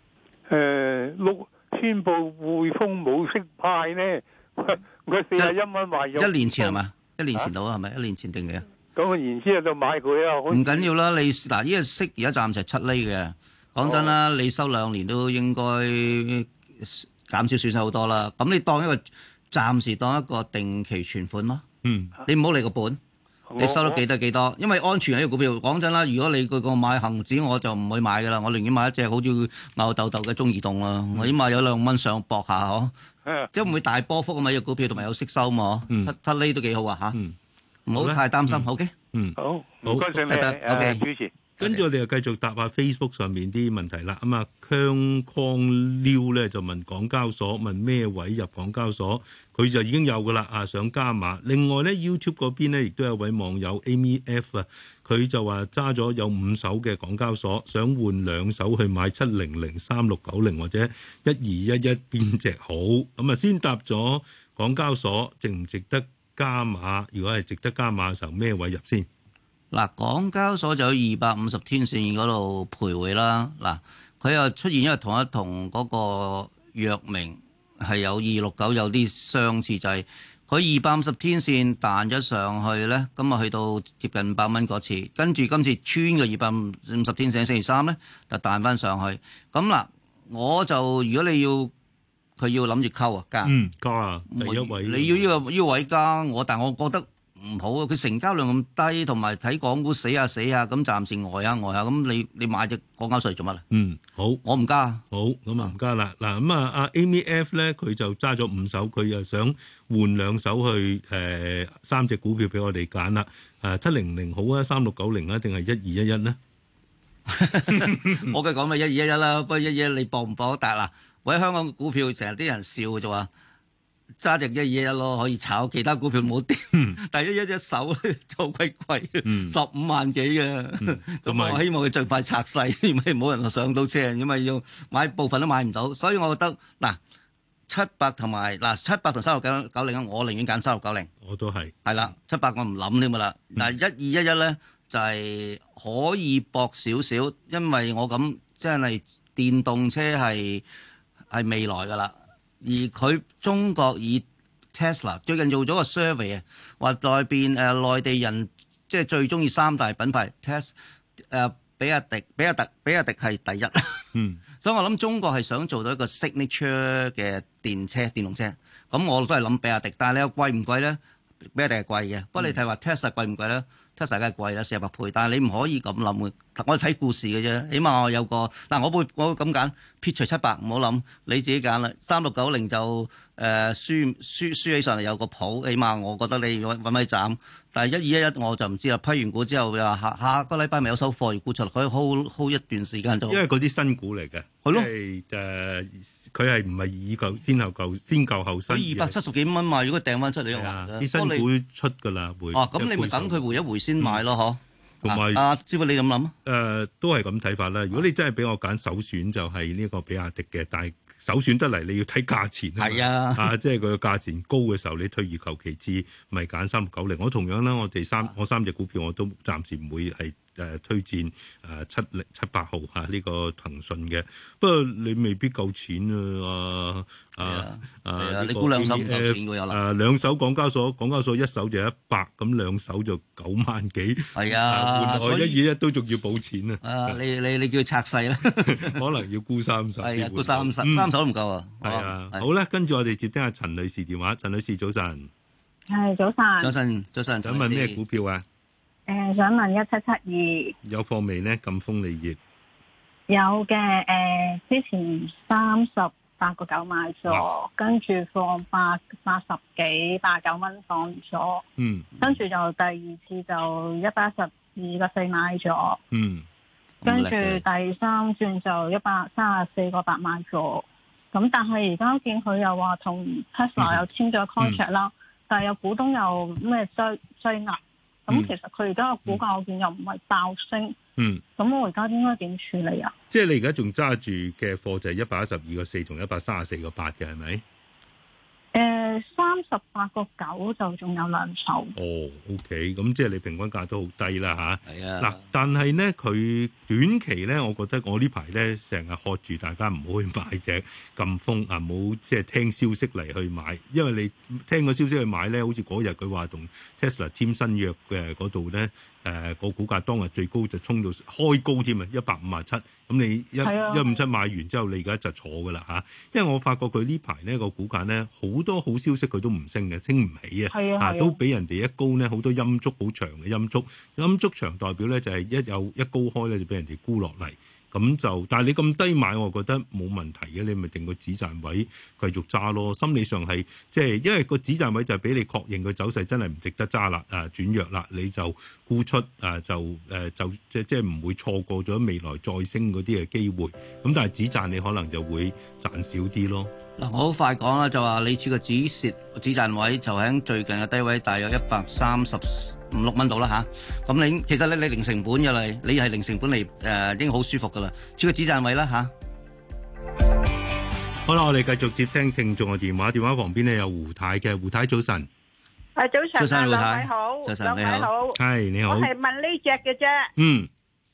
呃，六千部匯豐冇息派咧，佢四十一蚊買入。一年前係嘛？啊、一年前到啊，係咪？一年前定嘅、啊？啊？咁嘅意思就買佢啊，唔緊要啦。你嗱呢個息而家暫時係七厘嘅，講真啦，你收兩年都應該減少損失好多啦。咁你當一個暫時當一個定期存款咯，嗯，你唔好理個本。你收得幾多幾多？因為安全喺、啊、一、這個股票。講真啦，如果你個個買恆指，我就唔會買噶啦。我寧願買一隻好似牛豆豆嘅中移動啊！我、嗯、起買有兩蚊上搏下呵、啊，即係唔會大波幅啊嘛！隻、這個、股票同埋有息收嘛、嗯、七 a 都幾好啊嚇，唔、啊、好、嗯、太擔心。好嘅，好冇該曬你，阿陳 Okay.、uh, 主持。跟住我哋又繼續答下 Facebook 上面啲問題啦，咁啊，n Kong 強匡溜咧就問港交所，問咩位入港交所，佢就已經有㗎喇，啊想加碼。另外咧 YouTube 嗰邊咧亦都有位網友 AMF 啊，佢就話揸咗有五手嘅港交所，想換兩手去買七零零三六九零或者1 1, 一二一一，邊隻好。咁、嗯、啊，先答咗港交所值唔值得加碼？如果係值得加碼嘅時候，咩位入先？嗱，港交所就喺二百五十天線嗰度徘徊啦。嗱，佢又出現，因為同一同嗰個藥明係有二六九有啲相似，就係佢二百五十天線彈咗上去咧，咁啊去到接近五百蚊嗰次，跟住今次穿個二百五十天線，星期三咧就彈翻上去。咁嗱，我就如果你要佢要諗住溝啊加，加、嗯、唔第一位，你要依、依個依、依個、位加我，但我覺得。唔好啊！佢成交量咁低，同埋睇港股死啊死啊，咁暫時呆下呆下，咁你你買隻港交稅做乜啊？嗯，好，我唔加，好，咁啊唔加啦。嗱咁啊，阿 AMF 咧，佢就揸咗五手，佢又想換兩手去誒三隻股票俾我哋揀啦。誒七零零好啊，三六九零啊，定係一二一一咧？我梗係講咪一二一一啦，不過一一你搏唔搏得啦？喂，香港股票成日啲人笑啫話。揸隻一二一一咯，可以炒其他股票冇掂，但係一一隻手就好鬼貴，十五萬幾啊！咁我希望佢最快拆曬，因為冇人上到車，因為要買部分都買唔到，所以我覺得嗱，七百同埋嗱七百同三六九九零，我寧願揀三六九零。我都係。係啦，七百我唔諗添噶啦。嗱，一二一一咧就係可以搏少少，因為我咁即係電動車係係未來噶啦。而佢中國以 Tesla 最近做咗個 survey 啊，話內邊誒內地人、呃、內地人即係最中意三大品牌 Tesla 誒、呃，比亞迪、比亞迪、比亞迪係第一。嗯， 所以我諗中國係想做到一個 signature 嘅電車電動車，咁我都係諗比亞迪，但係你咧貴唔貴咧？比亞迪係貴嘅，看看，嗯、貴不過你睇話 Tesla 貴唔貴咧？七成係貴啦，四十八倍，但係你唔可以咁諗嘅，我係睇故事嘅啫。的起碼我有個，嗱我會我咁揀，撇除七百唔好諗，你自己揀啦。三六九零就誒、呃、輸輸輸起上嚟有個譜，起碼我覺得你揾位咪斬。但係一二一一我就唔知啦。批完股之後又下下個禮拜咪有收貨，如果出可以 hold hold 一段時間就因為嗰啲新股嚟嘅，係咯的，係佢係唔係以舊先後舊先舊後新？二百七十幾蚊嘛，如果掟翻出嚟，話，啲新股出㗎啦，會哦，咁、啊啊、你咪等佢回一回。先買咯，嗬、嗯。同埋阿師傅，你咁諗？誒、呃，都係咁睇法啦。如果你真係俾我揀，首選就係呢個比亞迪嘅，但係首選得嚟，你要睇價錢。係啊，啊，即係佢個價錢高嘅時候，你退而求其次，咪揀三九零。我同樣啦，我哋三、啊、我三隻股票我都暫時唔會係。誒，推薦誒七零七八號吓呢個騰訊嘅，不過你未必夠錢啊！啊啊，呢個誒誒，你估兩手港交所，港交所一手就一百，咁兩手就九萬幾。係啊，所以一二一都仲要補錢啊！啊，你你你叫佢拆細啦，可能要沽三手。係啊，沽三手，三手都唔夠啊！係啊，好啦，跟住我哋接聽阿陳女士電話。陳女士，早晨。係早晨。早晨，早晨。想問咩股票啊？誒、 呃，想問一七七二有貨未呢？咁豐利業有嘅，誒、呃，之前三十八個九買咗，跟住放八八十幾八九蚊放咗，嗯，跟住就第二次就一百一十二個四買咗，嗯，跟住第三轉就一百三十四個八買咗，咁但係而家見佢又話同 Tesla 又簽咗 contract 啦，但係有股東又咩追追壓。咁、嗯嗯、其實佢而家個股價我見又唔係爆升，嗯，咁我而家應該點處理啊？即係你而家仲揸住嘅貨就係一百一十二個四同一百三十四個八嘅，係咪？是誒三十八個九就仲有兩手。哦，O K，咁即係你平均價都好低啦嚇。係啊。嗱 Yeah.，但係咧，佢短期咧，我覺得我呢排咧成日喝住大家唔好去買隻咁瘋啊，唔好即係聽消息嚟去買，因為你聽個消息去買咧，好似嗰日佢話同 Tesla 簽新約嘅嗰度咧。誒、呃個股價當日最高就衝到開高添啊，一百五十七。咁你一一五七買完之後，你而家就坐㗎啦嚇。因為我發覺佢呢排呢、個股價呢，好多好消息佢都唔升嘅，升唔起啊。啊，啊都俾人哋一高呢。好多陰燭好長嘅陰燭。陰燭長代表呢就係、係、一有一高開呢，就俾人哋沽落嚟，咁就。但係你咁低買，我覺得冇問題嘅，你咪定個止賺位繼續揸咯。心理上係即係，就係、因為個止賺位就係俾你確認佢走勢真係唔值得揸啦，啊轉弱啦，你就。沽出啊、呃，就誒、呃，就即即係唔會錯過咗未來再升嗰啲嘅機會。咁但係止賺你可能就會賺少啲咯。嗱， 我好快講啦，就話你似個止蝕止賺位就喺最近嘅低位，大約一百三十五六蚊度啦吓。咁你其實你你零成本嘅嚟，你係零成本嚟誒，已經好舒服噶啦。似個止賺位啦吓。好啦，我哋繼續接聽聽眾嘅電話，電話旁邊咧有胡太嘅，胡太早晨。誒，早晨，周生老太好，周生你好，係你好，我係問呢隻嘅啫，嗯，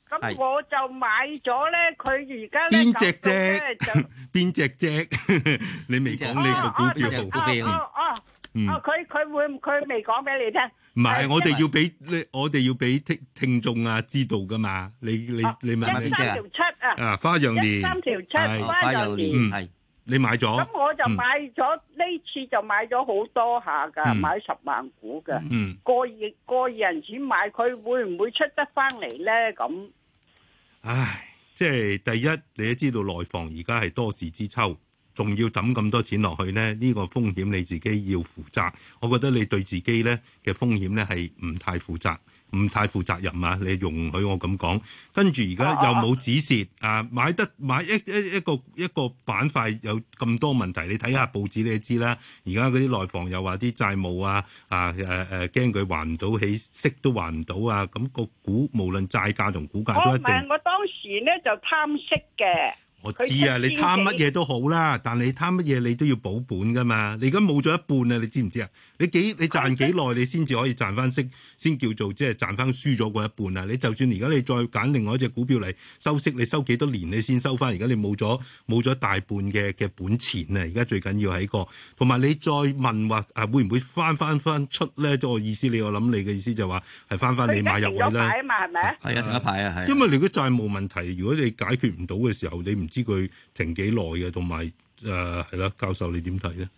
咁我就買咗咧，佢而家咧邊隻啫，邊隻啫，你未講你個股票嘅股票啊？哦哦，嗯，佢佢會，佢未講俾你聽。唔係，我哋要俾你，我哋要俾聽聽眾啊知道噶嘛？你你你問下佢先啊。一三條七啊，啊，花樣年，係花樣年，係。你買咗？咁我就買咗呢、嗯、次就買咗好多下噶，嗯、買十萬股嘅。個億個億銀錢買，佢會唔會出得翻嚟咧？咁，唉，即係第一，你都知道內房而家係多事之秋，仲要抌咁多錢落去咧，呢、呢個風險你自己要負責。我覺得你對自己咧嘅風險咧係唔太負責。唔太負責任啊！你容許我咁講，跟住而家又冇止蝕啊！買得買一一一個一個板塊有咁多問題，你睇下報紙你就知啦。而家嗰啲內房又話啲債務啊啊誒誒，驚、啊、佢、啊、還唔到起息都還唔到啊！咁、那個股無論債價同股價都一定。我問，我當時咧就貪息嘅。我知啊，你貪乜嘢都好啦，但你貪乜嘢你都要保本噶嘛。你而家冇咗一半啊，你知唔知啊？你幾你賺幾耐你先至可以賺翻息，先叫做即係賺翻輸咗嗰一半啊？你就算而家你再揀另外一隻股票嚟收息，你收幾多年你先收翻？而家你冇咗冇咗大半嘅嘅本錢啊！而家最緊要係一個，同埋你再問話啊會唔會翻翻翻出咧？即係我意思你，我你我諗你嘅意思就話係翻翻你買入去啦。佢而家停咗牌啊係咪啊？係啊，停咗牌啊，係。因為如果債務問題，如果你解決唔到嘅時候，你唔。知佢停幾耐嘅，同埋誒係啦，教授你點睇咧？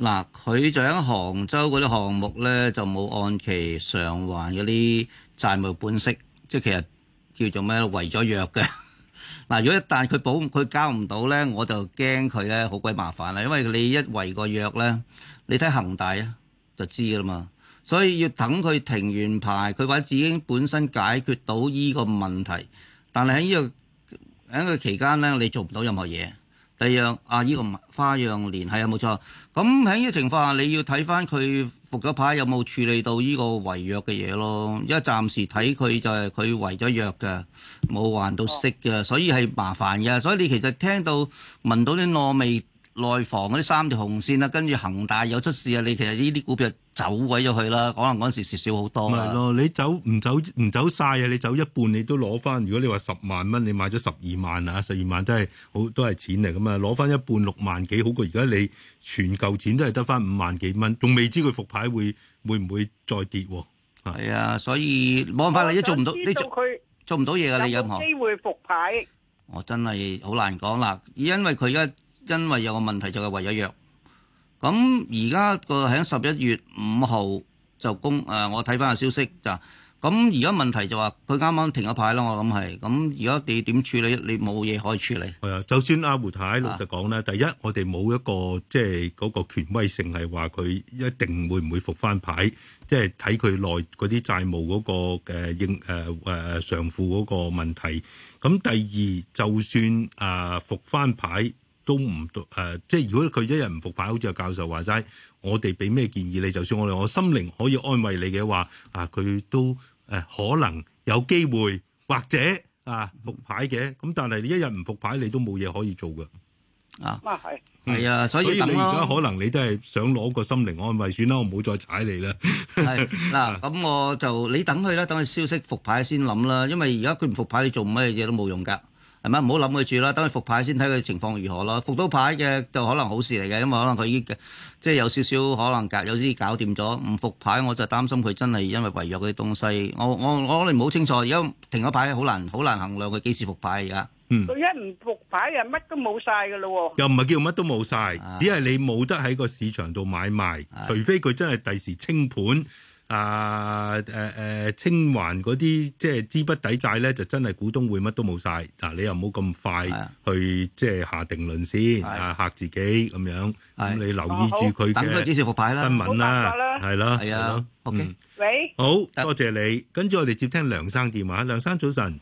嗱，佢就喺杭州嗰啲項目咧，就冇按期償還嗰啲債務本息，即係其實叫做咩？違咗約嘅。嗱，如果一旦佢保佢交唔到咧，我就驚佢咧好鬼麻煩啦，因為你一違個約咧，你睇恒大啊就知㗎啦嘛。所以要等佢停完牌，佢或者自己本身解決到依個問題。但係喺依個。喺佢期間咧，你做唔到任何嘢。第二樣啊，依、這個花樣年係啊，冇錯。咁喺呢個情況下，你要睇翻佢復咗牌有冇處理到呢個違約嘅嘢咯。因為暫時睇佢就係佢違咗約嘅，冇還到息嘅，所以係麻煩嘅。所以你其實聽到聞到啲糯味。內房嗰啲三條紅線啦，跟住恒大有出事啊！你其實呢啲股票走鬼咗去啦，可能嗰陣時蝕少好多。咪係咯，你走唔走唔走曬啊？你走一半你都攞翻。如果你話十萬蚊，你買咗十二萬啊，十二萬都係好都係錢嚟㗎嘛！攞翻一半六萬幾，好過而家你全嚿錢都係得翻五萬幾蚊，仲未知佢復牌會會唔會再跌。係啊，所以冇辦法啊，一做唔到，你做做唔到嘢啊，你有機會復牌，我真係好難講啦，因為佢而家。因為有個問題就係為咗藥，咁而家個喺十一月五號就公誒，我睇翻個消息就，咁而家問題就話佢啱啱停咗牌囉，我諗係，咁而家你點處理？你冇嘢可以處理。係啊，就算阿胡太老實講咧，第一我哋冇一個即係嗰個權威性係話佢一定會唔會復翻牌，即係睇佢內嗰啲債務嗰個誒應誒誒償付嗰個問題。咁第二就算啊復翻牌。都唔誒，即係如果佢一日唔復牌，好似阿教授話齋，我哋俾咩建議你？就算我哋我心靈可以安慰你嘅話，啊，佢都誒可能有機會或者啊復牌嘅，咁但係你一日唔復牌，你都冇嘢可以做㗎。啊，咁啊係係啊，所以等咯。所以你而家可能你都係想攞個心靈安慰，算啦，我唔好再踩你啦。係嗱，咁我就你等佢啦，等佢消息復牌先諗啦。因為而家佢唔復牌，你做乜嘢都冇用㗎。係，唔好諗佢住啦。等佢復牌先睇佢情況如何咯。復到牌嘅就可能好事嚟嘅，因為可能佢已經，即係有少少可能有少搞有啲搞掂咗。唔復牌我就擔心佢真係因為違約嗰啲東西。我我我哋唔好清楚。而家停咗牌，好難好難衡量佢幾時復牌而家。嗯，佢一唔復牌啊，乜都冇晒㗎咯喎。又唔係叫乜都冇晒，只係你冇得喺個市場度買賣，除非佢真係第時清盤。啊！誒誒，青環嗰啲即係資不抵債咧，就真係股東會乜都冇晒，嗱，你又唔好咁快去即係下定論先嚇自己咁樣。咁你留意住佢幾時復牌啦？新聞啦，係啦。係啊。OK，喂。好多謝你。跟住我哋接聽梁生電話。梁生早晨。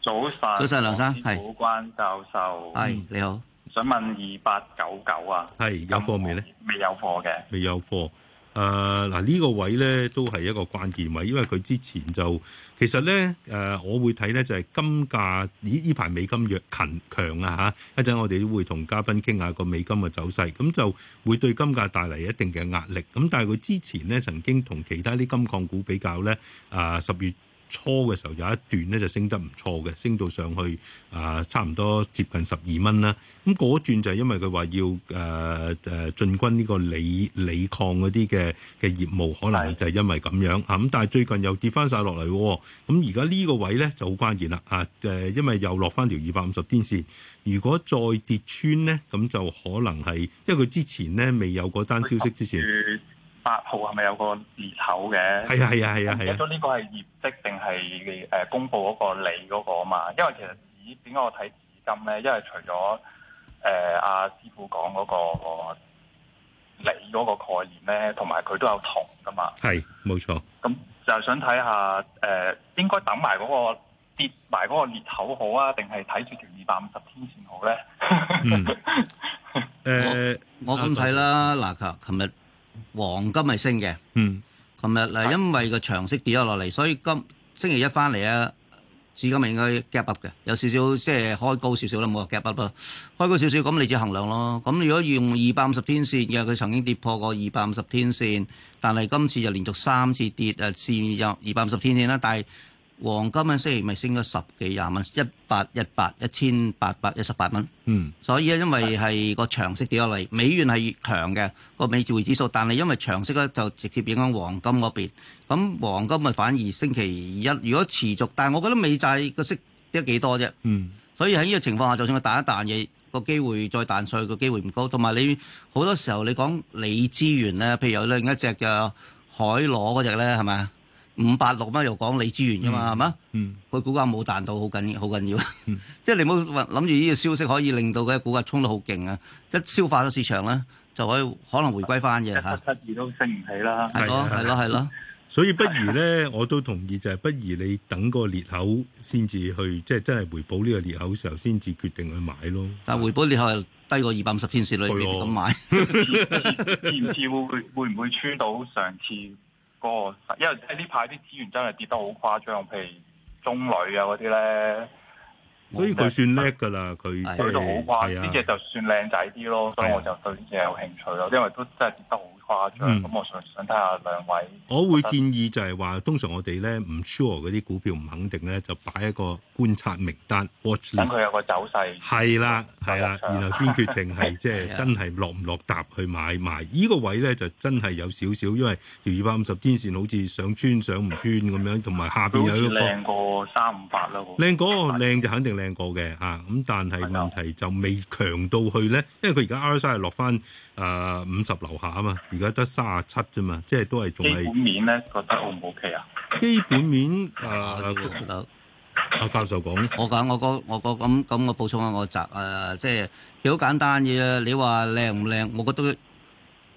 早晨。早晨，梁生係。古關教授係你好，想問二八九九啊？係有貨未咧？未有貨嘅。未有貨。誒嗱呢個位咧都係一個關鍵位，因為佢之前就其實呢，誒、呃，我會睇呢就係金價，咦呢排美金弱勤強啊嚇！一陣我哋都會同嘉賓傾下個美金嘅走勢，咁就會對金價帶嚟一定嘅壓力。咁但係佢之前咧曾經同其他啲金礦股比較呢，誒、呃、十月。初嘅時候有一段咧就升得唔錯嘅，升到上去啊、呃，差唔多接近十二蚊啦。咁嗰轉就係因為佢話要誒誒、呃啊、進軍呢個鋰鋰礦嗰啲嘅嘅業務，可能就係因為咁樣是啊。咁但係最近又跌翻晒落嚟，咁而家呢個位咧就好關鍵啦。啊，誒、呃，因為又落翻條二百五十天線，如果再跌穿咧，咁就可能係因為佢之前咧未有嗰單消息之前。嗯八號係咪有個裂口嘅？係啊係啊係啊係！咗呢個係業績定係誒公佈嗰個利嗰個啊嘛？因為其實紙點解我睇紫金咧？因為除咗誒阿師傅講嗰個利嗰個概念咧，同埋佢都有銅㗎嘛。係冇錯。咁就係想睇下誒、呃，應該等埋嗰、那個跌埋嗰個裂口好啊，定係睇住條二百五十天線好咧？ 嗯。呃、 我咁睇啦，嗱、呃，琴日。黃金係升嘅，嗯，琴日嗱，因為個長息跌咗落嚟，所以今星期一翻嚟啊，至今咪應該 gap up 嘅，有少少即係開高少少啦，冇話 gap up 咯，開高少少，咁你自己衡量咯，咁如果用二百五十天線嘅，佢曾經跌破過二百五十天線，但係今次就連續三次跌誒，試二百五十天線啦，但係。黃金啊，星期咪升咗十幾廿蚊，一百、一百、一千八百一十八蚊。嗯，所以咧，因為係個長息跌落嚟，美元係越強嘅個美指匯指數，但係因為長息咧就直接影響黃金嗰邊。咁黃金咪反而星期一，如果持續，但係我覺得美債個息跌幾多啫。嗯，所以喺呢個情況下，就算佢彈一彈嘢，個機會再彈上去個機會唔高，同埋你好多時候你講你資源咧，譬如有另一隻就係、海螺嗰隻咧，係咪？五百六蚊又講鋰資源啫嘛，係嘛？嗯，佢嗎、嗯、股價冇彈到，好緊好緊要。即 係 你唔好諗住呢個消息可以令到佢嘅股價衝得好勁啊！一消化咗市場咧，就可以可能回歸翻嘅吓。一七七二都升唔起啦。係咯係咯係咯，啊啊啊啊、所以不如咧，我都同意就係、是、不如你等個裂口先至去，即、就、係、是、真係回補呢個裂口時候先至決定去買咯。啊、但係回補裂口係低過二百五十天線裏邊咁、啊、買， 至唔至會會唔會穿到上次？多，因為喺呢排啲資源真係跌得好誇張，譬如中旅啊啲咧，所以佢算叻㗎啦，佢即係好誇張，呢隻就算靚仔啲咯，所以我就對呢隻有興趣咯，的因為都真係跌得好。誇咁，我想想睇下兩位。我會建議就係話，通常我哋咧唔 sure 嗰啲股票唔肯定咧，就擺一個觀察名單。Watch list。但佢有個走勢。係啦，係啦，然後先決定係即係真係落唔落搭去買賣。依、這個位咧就真係有少少，因為條二百五十天線好似上穿上唔穿咁樣，同埋下邊有一個。靚過三五八啦。靚嗰個靚就肯定靚過嘅嚇，咁、啊、但係問題就未強到去咧，因為佢而家 RSI 係落翻誒五十樓下啊嘛。而家得三十七啫嘛，即係都係仲係。基本面咧，覺得 OK 唔 OK 啊？基本面啊，阿教授講。我講我講我講咁咁，我補充下我個誒，即係幾好簡單嘅啫。你話靚唔靚？我覺得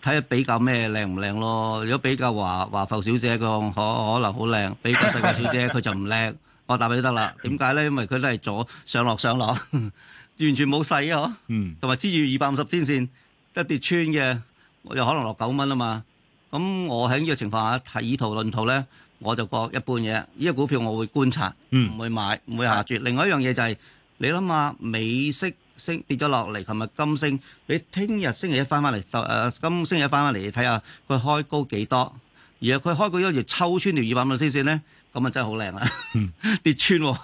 睇下比較咩靚唔靚咯。如果比較華華富小姐個可可能好靚，比個細個小姐佢就唔靚。我答你得啦。點解咧？因為佢都係左上落上落，完全冇細啊！嗬。嗯。同埋黐住二百五十天線，一跌穿嘅。我又可能落九蚊啊嘛，咁我喺呢個情況下睇以圖論圖咧，我就覺一般嘢。呢、這個股票我會觀察，唔會買，唔會下注。嗯、另外一樣嘢就係你諗下，美息升跌咗落嚟，琴日金星，你聽日星期一翻翻嚟，誒金、呃、星期一翻翻嚟，你睇下佢開高幾多，而佢開高咗月，抽穿條二百五十線咧，咁啊真係好靚啊！嗯、 跌穿、哦，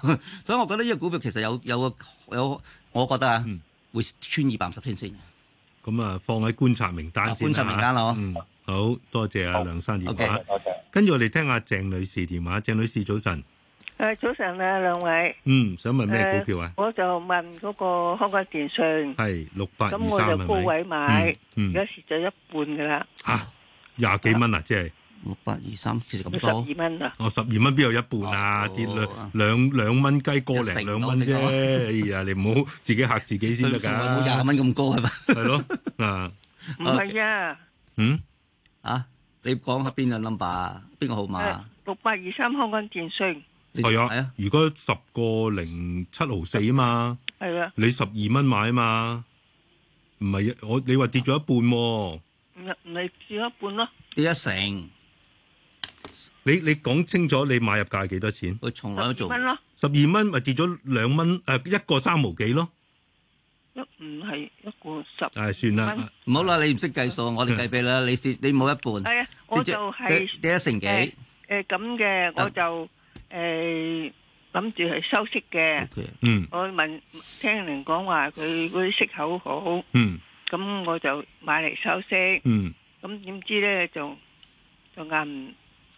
所以我覺得呢個股票其實有有個有，我覺得啊，嗯、會穿二百五十天線先。咁啊，放喺觀察名單先啦，啊。觀察名單咯。嗯，好多謝啊，好梁生電話。跟住、okay，我哋聽下鄭女士電話。鄭女士早晨。誒、啊，早晨啊，兩位。嗯，想問咩股票啊？呃、我就問嗰個香港電訊。係六百二三啊咪。咁我就高位買，有時就一半噶啦。嚇！廿幾蚊啊，即係、啊。啊啊六八二三，其實咁多，我十二蚊邊有一半啊？跌兩兩兩蚊雞，過零兩蚊啫。哎呀，你唔好自己嚇自己先得噶。冇廿蚊咁高係嘛？係咯，唔係啊？嗯？啊？你講下邊個 number？邊個號碼？六八二三香港電訊係啊？如果十個零七毫四啊嘛？係啊。你十二蚊買啊嘛？唔係，我你話跌咗一半喎？咪跌一半咯，跌一成。你你講清楚，你買入價幾多錢？我從來都做十二蚊，咪跌咗兩蚊，誒，一個三毛幾咯？一唔係一個十蚊。誒，算啦，唔好啦，你唔識計數，我哋計俾啦，你蝕，你冇一半。係啊，我就係跌一成幾。誒咁嘅，我就誒諗住係收息嘅。嗯，我問聽人講話佢嗰啲息口好。嗯。咁我就買嚟收息。嗯。咁點知咧就就啱。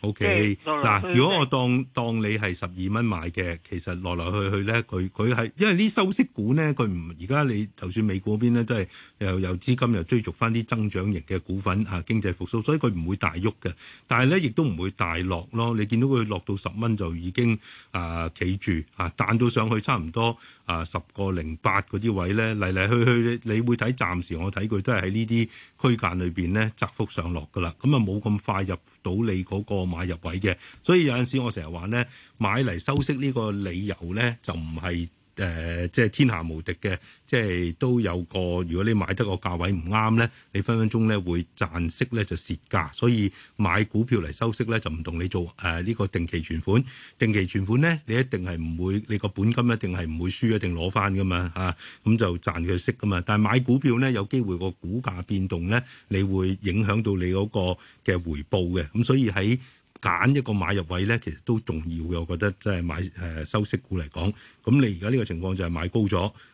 O K 嗱，Okay. 嗯、如果我當當你係十二蚊買嘅，其實來來去去咧，佢佢係因為呢收息股咧，佢唔而家你就算美股嗰邊咧，都係又有資金又追逐翻啲增長型嘅股份啊，經濟復甦，所以佢唔會大喐嘅。但係咧，亦都唔會大落咯。你見到佢落到十蚊就已經啊企住啊彈到上去差唔多啊十個零八嗰啲位咧，嚟嚟去去，你會睇暫時我睇佢都係喺呢啲區間裏邊咧窄幅上落㗎喇，咁啊冇咁快入到你嗰個買入位嘅，所以有陣時我成日話咧，買嚟收息呢個理由咧就唔係。誒、呃，即係天下無敵嘅，即係都有個。如果你買得個價位唔啱呢，你分分鐘咧會賺息呢，就蝕價，所以買股票嚟收息呢，就唔同你做誒呢、呃呢個定期存款。定期存款呢，你一定係唔會，你個本金一定係唔會輸，一定攞翻噶嘛嚇。咁、啊、就賺佢息噶嘛。但係買股票呢，有機會個股價變動呢，你會影響到你嗰個嘅回報嘅。咁所以喺揀一個買入位咧，其實都重要嘅。我覺得即係買誒收息股嚟講，咁你而家呢個情況就係買高咗，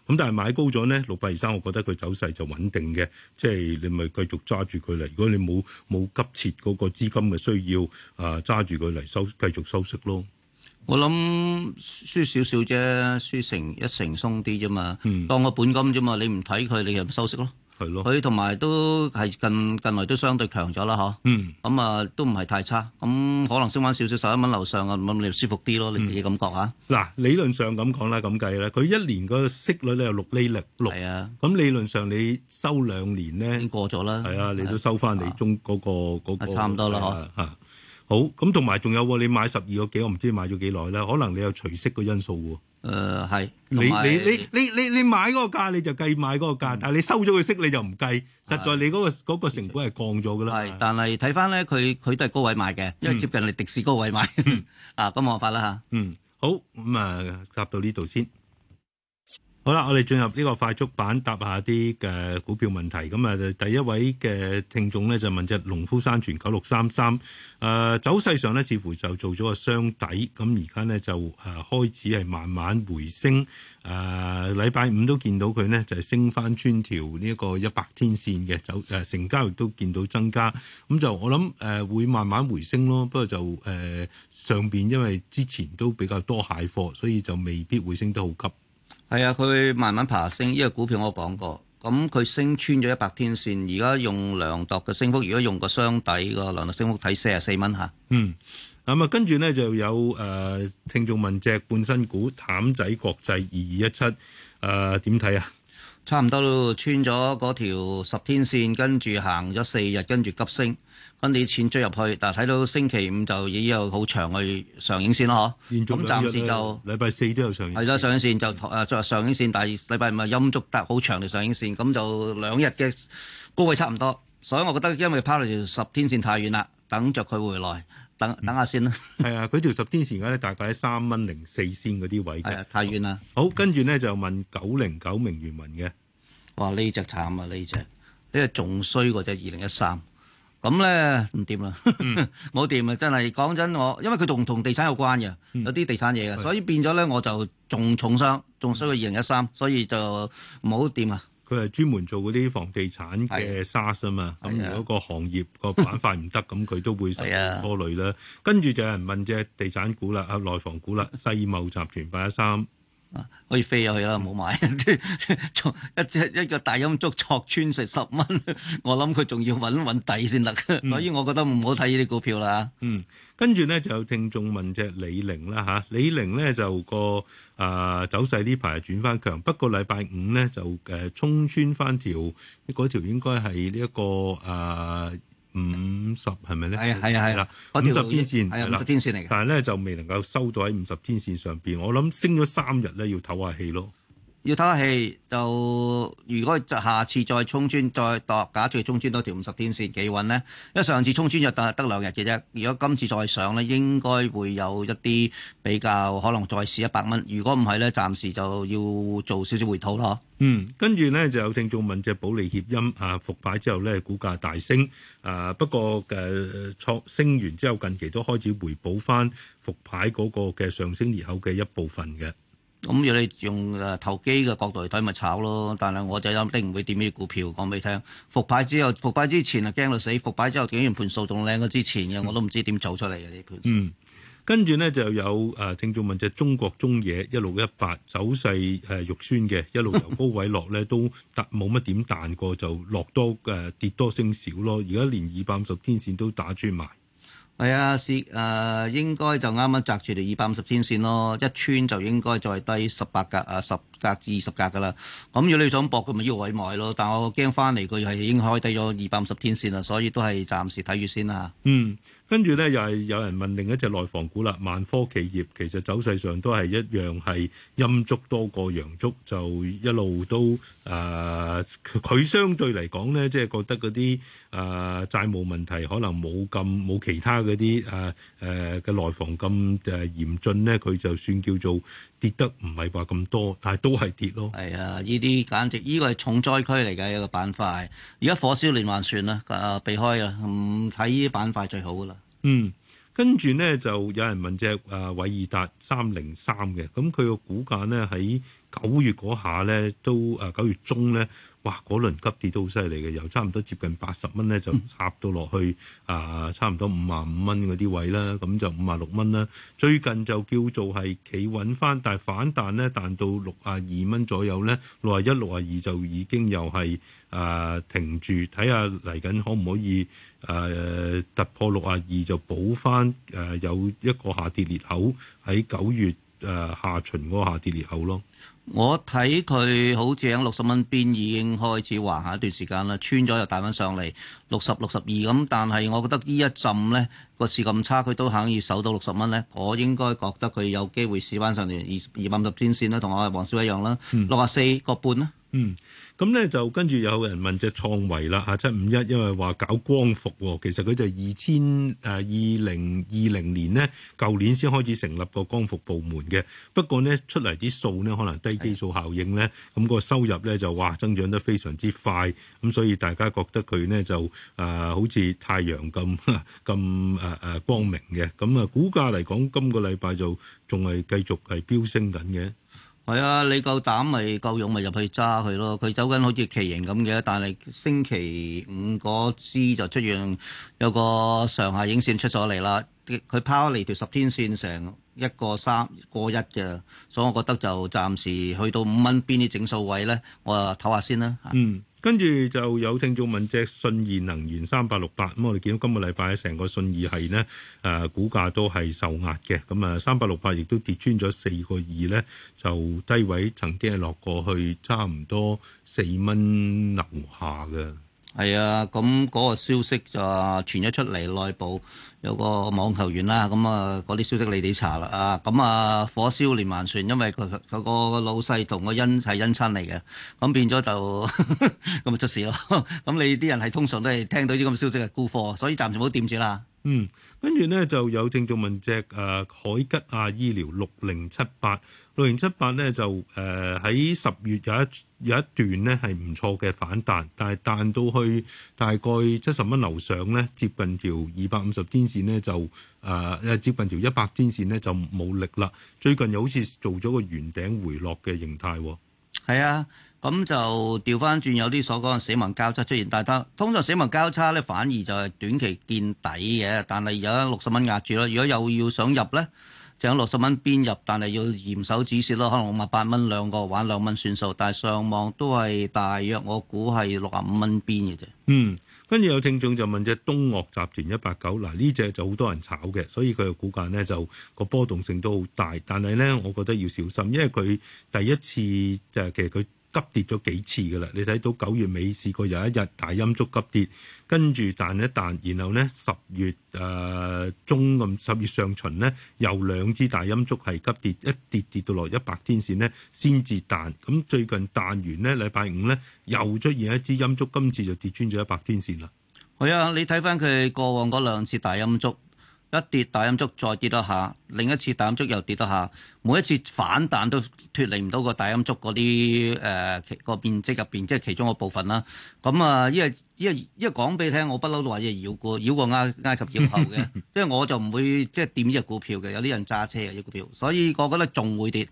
咁但係買高咗咧六百二三，我覺得佢走勢就穩定嘅，即係你咪繼續揸住佢嚟。如果你冇冇急切嗰個資金嘅需要，啊揸住佢嚟收繼續收息咯。我諗輸少少啫，輸成一成鬆啲啫嘛，當我本金啫嘛，你唔睇佢，你又收息咯。佢同埋都係近近來都相對強咗啦，嗬。嗯。咁啊，都唔係太差。咁可能升翻少少十一蚊樓上啊，咁你舒服啲咯，你自己感覺啊。嗱，理論上咁講啦，咁計咧。佢一年個息率咧有六厘零六。係啊。咁理論上你收兩年咧？過咗啦。係啊，你都收翻你中嗰個嗰個。係差唔多啦，嚇。嚇。好，咁同埋仲有喎，你買十二個幾？我唔知買咗幾耐啦。可能你有除息個因素喎。誒，係、呃、你有你你你你你買嗰個價，你就計買嗰個價，嗯、但係你收咗佢息，你就唔計。實在你嗰、那個是個成本係降咗噶啦。係是，是但係睇翻咧，佢佢都係高位買嘅，嗯、因為接近嚟跌市高位買 啊，咁冇辦法啦吓。嗯，好，咁、嗯、啊，答到呢度先。好啦，我哋進入呢個快速版，答下啲嘅股票問題。咁、嗯、啊，第一位嘅聽眾咧就問隻農夫山泉九六三三。誒、呃，走勢上咧似乎就做咗個箱底，咁而家咧就誒、呃、開始係慢慢回升。誒、呃，禮拜五都見到佢呢，就係、是、升翻穿條呢一個一百天線嘅走，誒、呃、成交亦都見到增加。咁、嗯、就我諗誒、呃、會慢慢回升咯，不過就誒、呃、上邊因為之前都比較多蟹貨，所以就未必會升得好急。係啊，佢慢慢爬升，呢個股票我講過，咁佢升穿咗一百天線，而家用量度嘅升幅，如果用個箱底個量度升幅睇四十四蚊吓。嗯，咁啊，跟住咧就有誒、呃、聽眾問隻半新股淡仔國際二二一七，誒，點睇啊？差唔多咯，穿咗嗰條十天線，跟住行咗四日，跟住急升，跟啲錢追入去。但，睇到星期五就已經有好長嘅上影線咯，咁暫時就禮拜四都有上影線啦，上影線就誒再上影線，但係禮拜五陰燭得好長嘅上影線，咁就兩日嘅高位差唔多，所以我覺得因為拋離條十天線太遠啦，等着佢回來。等等下先啦。係啊，佢條十天線而家咧大概喺三蚊零四仙嗰啲位嘅。係啊，太遠啦。好，跟住咧就問九零九名原民嘅，話呢隻慘啊呢隻，隻13，呢個仲衰過隻二零一三。咁咧唔掂啦，冇掂啊！真係講真，我因為佢同同地產有關嘅，有啲地產嘢嘅，嗯、所以變咗咧我就仲重傷，仲衰過二零一三，所以就唔好掂啊。佢係專門做嗰啲房地產嘅沙士啊嘛，咁的如果個行業個板塊唔得，咁佢 都會受到拖累啦。的跟住就有人問隻地產股啦，啊內房股啦，世茂集團八一三。可以飛咗去啦，唔好買， 一隻一個大音竹戳穿成十蚊，我諗佢仲要揾揾底先得，嗯、所以我覺得唔好睇呢啲股票啦。嗯，跟住咧就有聽眾問隻李寧啦嚇，李寧咧就個啊、呃、走勢呢排轉翻強，不過禮拜五咧就誒沖、呃、穿翻條嗰條應該係呢一個啊。呃五十係咪咧？係啊係啊係啦，五十、啊、天線係啦，啊、五十天線嚟嘅。但係咧就未能夠收到喺五十天線上邊。我諗升咗三日咧，要唞下氣咯。要睇下戲，就如果下次再沖穿再度假若再沖穿多條五十天線幾穩呢？因為上次沖穿就得得兩日嘅啫。如果今次再上咧，應該會有一啲比較可能再試一百蚊。如果唔係咧，暫時就要做少少回吐咯。嗯，跟住呢，就有聽眾問隻保利協鑫，啊，復牌之後咧，股價大升啊，不過誒創、啊、升完之後近期都開始回補翻復牌嗰個嘅上升裂口嘅一部分嘅。咁要你用誒投機嘅角度嚟睇，咪炒咯。但係我就一定唔會點呢啲股票，講俾你聽。復牌之後，復牌之前啊，驚到死。復牌之後竟然盤數仲靚過之前嘅，我都唔知點走出嚟嘅啲盤嗯，跟住咧就有誒聽眾問，就中國中冶一六一八走勢誒、呃、肉酸嘅，一路由高位落咧 都彈冇乜點彈過，就落多誒、呃、跌多升少咯。而家連二百五十天線都打穿埋。係啊，是誒應該就啱啱擲住條二百五十天線咯，一穿就應該再低十八格啊，十格至二十格㗎啦。咁如果你想搏，咁咪要委買咯。但我驚翻嚟佢係已經開低咗二百五十天線啦，所以都係暫時睇住先啦、啊。嗯。跟住咧，又係有人問另一隻內房股啦，萬科企業其實走勢上都係一樣，係陰燭多過陽燭，就一路都誒，佢、呃、相對嚟講咧，即、就、係、是、覺得嗰啲誒債務問題可能冇咁冇其他嗰啲誒誒嘅內房咁誒嚴峻咧，佢就算叫做。跌得唔係話咁多，但係都係跌咯。係啊，呢啲簡直呢個係重災區嚟嘅一個板塊。而家火燒連環船啦，啊避開啦，唔睇呢啲板塊最好㗎啦。嗯，跟住咧就有人問隻啊偉易達三零三嘅，咁佢個股價咧喺九月嗰下咧都啊九月中咧。哇！嗰、那個、輪急跌都好犀利嘅，由差唔多接近八十蚊咧，就插到落去啊、呃，差唔多五萬五蚊嗰啲位啦，咁就五萬六蚊啦。最近就叫做係企穩翻，但係反彈咧，彈到六啊二蚊左右咧，六啊一、六啊二就已經又係啊、呃、停住，睇下嚟緊可唔可以啊、呃、突破六啊二就補翻誒、呃、有一個下跌裂口喺九月誒、呃、下旬嗰個下跌裂口咯。我睇佢好似喺六十蚊邊已經開始橫行一段時間啦，穿咗又彈翻上嚟六十六十二咁，60, 62，但係我覺得呢一浸咧，個市咁差，佢都肯以守到六十蚊咧。我應該覺得佢有機會試翻上嚟二二百五十天線啦，同我阿黃少一樣啦，六啊四個半啦。嗯，咁咧就跟住有人問隻創維啦嚇七五一，1，因為話搞光伏，其實佢就二千誒二零二零年呢，舊年先開始成立個光伏部門嘅。不過呢，出嚟啲數呢，可能低基數效應呢，咁、個收入呢就哇增長得非常之快，咁所以大家覺得佢呢就誒、呃、好似太陽咁咁誒誒光明嘅。咁啊，股價嚟講，今個禮拜就仲係繼續係飆升緊嘅。係啊，你夠膽咪夠勇咪入去揸佢咯。佢走緊好似奇形咁嘅，但係星期五嗰支就出現，有個上下影線出咗嚟啦。佢拋嚟條十天線成一個三過一嘅，所以我覺得就暫時去到五蚊邊啲整數位咧，我啊唞下先啦。嗯。跟住就有聽眾問隻信義能源三八六八，咁我哋見到今個禮拜成個信義係呢，誒、呃、股價都係受壓嘅，咁啊三八六八亦都跌穿咗四個二咧，就低位曾經係落過去差唔多四蚊樓下嘅。係啊，咁嗰個消息就傳咗出嚟內部。有個網球員啦，咁啊嗰啲消息你哋查啦啊，咁啊火燒連環船，因為佢佢個老細同個恩係恩親嚟嘅，咁變咗就咁咪 出事咯。咁 你啲人係通常都係聽到啲咁嘅消息嘅沽貨，所以暫時冇掂住啦。嗯，跟住咧就有正眾問隻誒海吉亞醫療，六零七八六零七八咧就誒喺十月有一有一段咧係唔錯嘅反彈，但係彈到去大概七十蚊樓上咧，接近條二百五十天線咧就誒、呃、接近條一百天線咧就冇力啦。最近又好似做咗個圓頂回落嘅形態。哦係啊，咁就調翻轉有啲所講死亡交叉出現，但係通常死亡交叉咧反而就係短期見底嘅，但係而家六十蚊壓住咯。如果又要想入咧，就喺六十蚊邊入，但係要嚴守止蝕咯。可能五十八蚊兩個玩兩蚊算數，但係上網都係大約我估係六十五蚊邊嘅啫。嗯。跟住有聽眾就問隻東岳集團 9, 一百九，嗱呢隻就好多人炒嘅，所以佢個股價咧就個波動性都好大，但係咧我覺得要小心，因為佢第一次就係其實佢。急跌咗幾次嘅啦，你睇到九月尾試過有一日大陰燭急跌，跟住彈一彈，然後呢，十月誒中咁，十、呃、月上旬呢，又兩支大陰燭係急跌，一跌跌到落一百天線呢，先至彈。咁最近彈完呢禮拜五呢，又出現一支陰燭，今次就跌穿咗一百天線啦。係啊，你睇翻佢過往嗰兩次大陰燭。一跌大陰燭，再跌一下，另一次大陰燭又跌一下，每一次反彈都脫離唔到個大陰燭嗰啲誒個面積入邊，即係其中一部分啦。咁啊，因為因為因為講俾你聽，我不嬲都話要繞過繞過埃及繞後嘅， 即係我就唔會即係掂呢隻股票嘅，有啲人揸車嘅啲股票，所以我覺得仲會跌，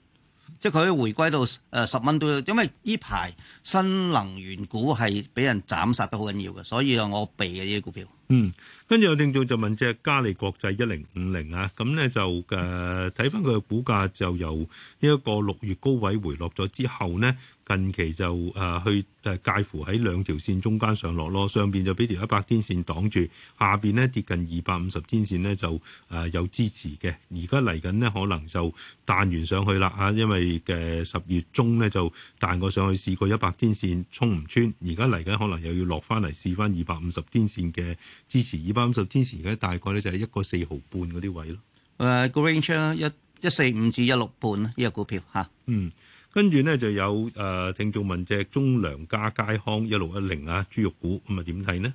即係佢回歸到誒十蚊都，因為呢排新能源股係俾人斬殺得好緊要嘅，所以啊，我避啊啲股票。嗯。跟住有聽眾就問隻嘉利國際一零五零啊，咁、嗯、呢就誒睇翻佢嘅股價就由呢一個六月高位回落咗之後呢，近期就誒去誒介乎喺兩條線中間上落咯，上邊就俾條一百天線擋住，下邊呢跌近二百五十天線呢，就、呃、誒有支持嘅。而家嚟緊呢，可能就彈完上去啦嚇，因為嘅十月中呢，就彈過上去試過一百天線衝唔穿，而家嚟緊可能又要落翻嚟試翻二百五十天線嘅支持二百三十天前，而家大概咧就係一個四毫半嗰啲位咯，誒個 range 一一四五至一六半，呢個股票吓，嗯，跟住咧就有誒聽眾問隻中糧家佳康一六一零啊豬肉股咁啊點睇呢？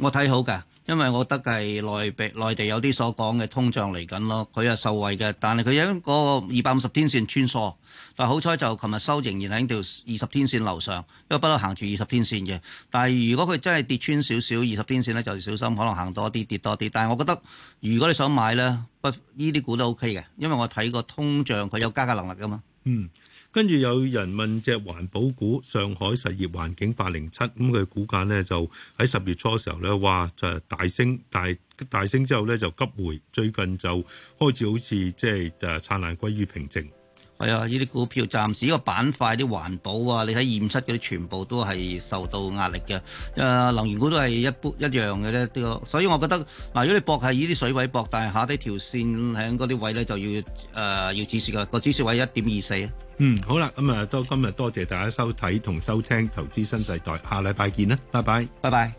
我睇好嘅，因為我覺得係內地內地有啲所講嘅通脹嚟緊咯，佢係受惠嘅。但係佢有嗰個二百五十天線穿梭，但係好彩就琴日收仍然喺條二十天線樓上，因為不嬲行住二十天線嘅。但係如果佢真係跌穿少少二十天線咧，就小心可能行多啲跌多啲。但係我覺得如果你想買咧，不呢啲股都 OK 嘅，因為我睇個通脹佢有加價能力噶嘛。嗯。跟住有人問隻環保股上海實業環境八零七，咁佢股價咧就喺十月初時候咧話就大升，但係大升之後咧就急回，最近就開始好似即係誒燦爛歸於平靜。係啊、哎，呢啲股票暫時個板塊啲環保啊，你睇驗室嗰啲全部都係受到壓力嘅。誒、啊、能源股都係一般一樣嘅咧，都、呢個、所以我覺得嗱、啊，如果你博係呢啲水位博，但係下跌條線喺嗰啲位咧就要誒、呃、要止蝕㗎，個止蝕位一點二四啊。嗯，好啦，咁啊，多今日多謝大家收睇同收聽《投資新世代》，下禮拜見啦，拜拜，拜拜。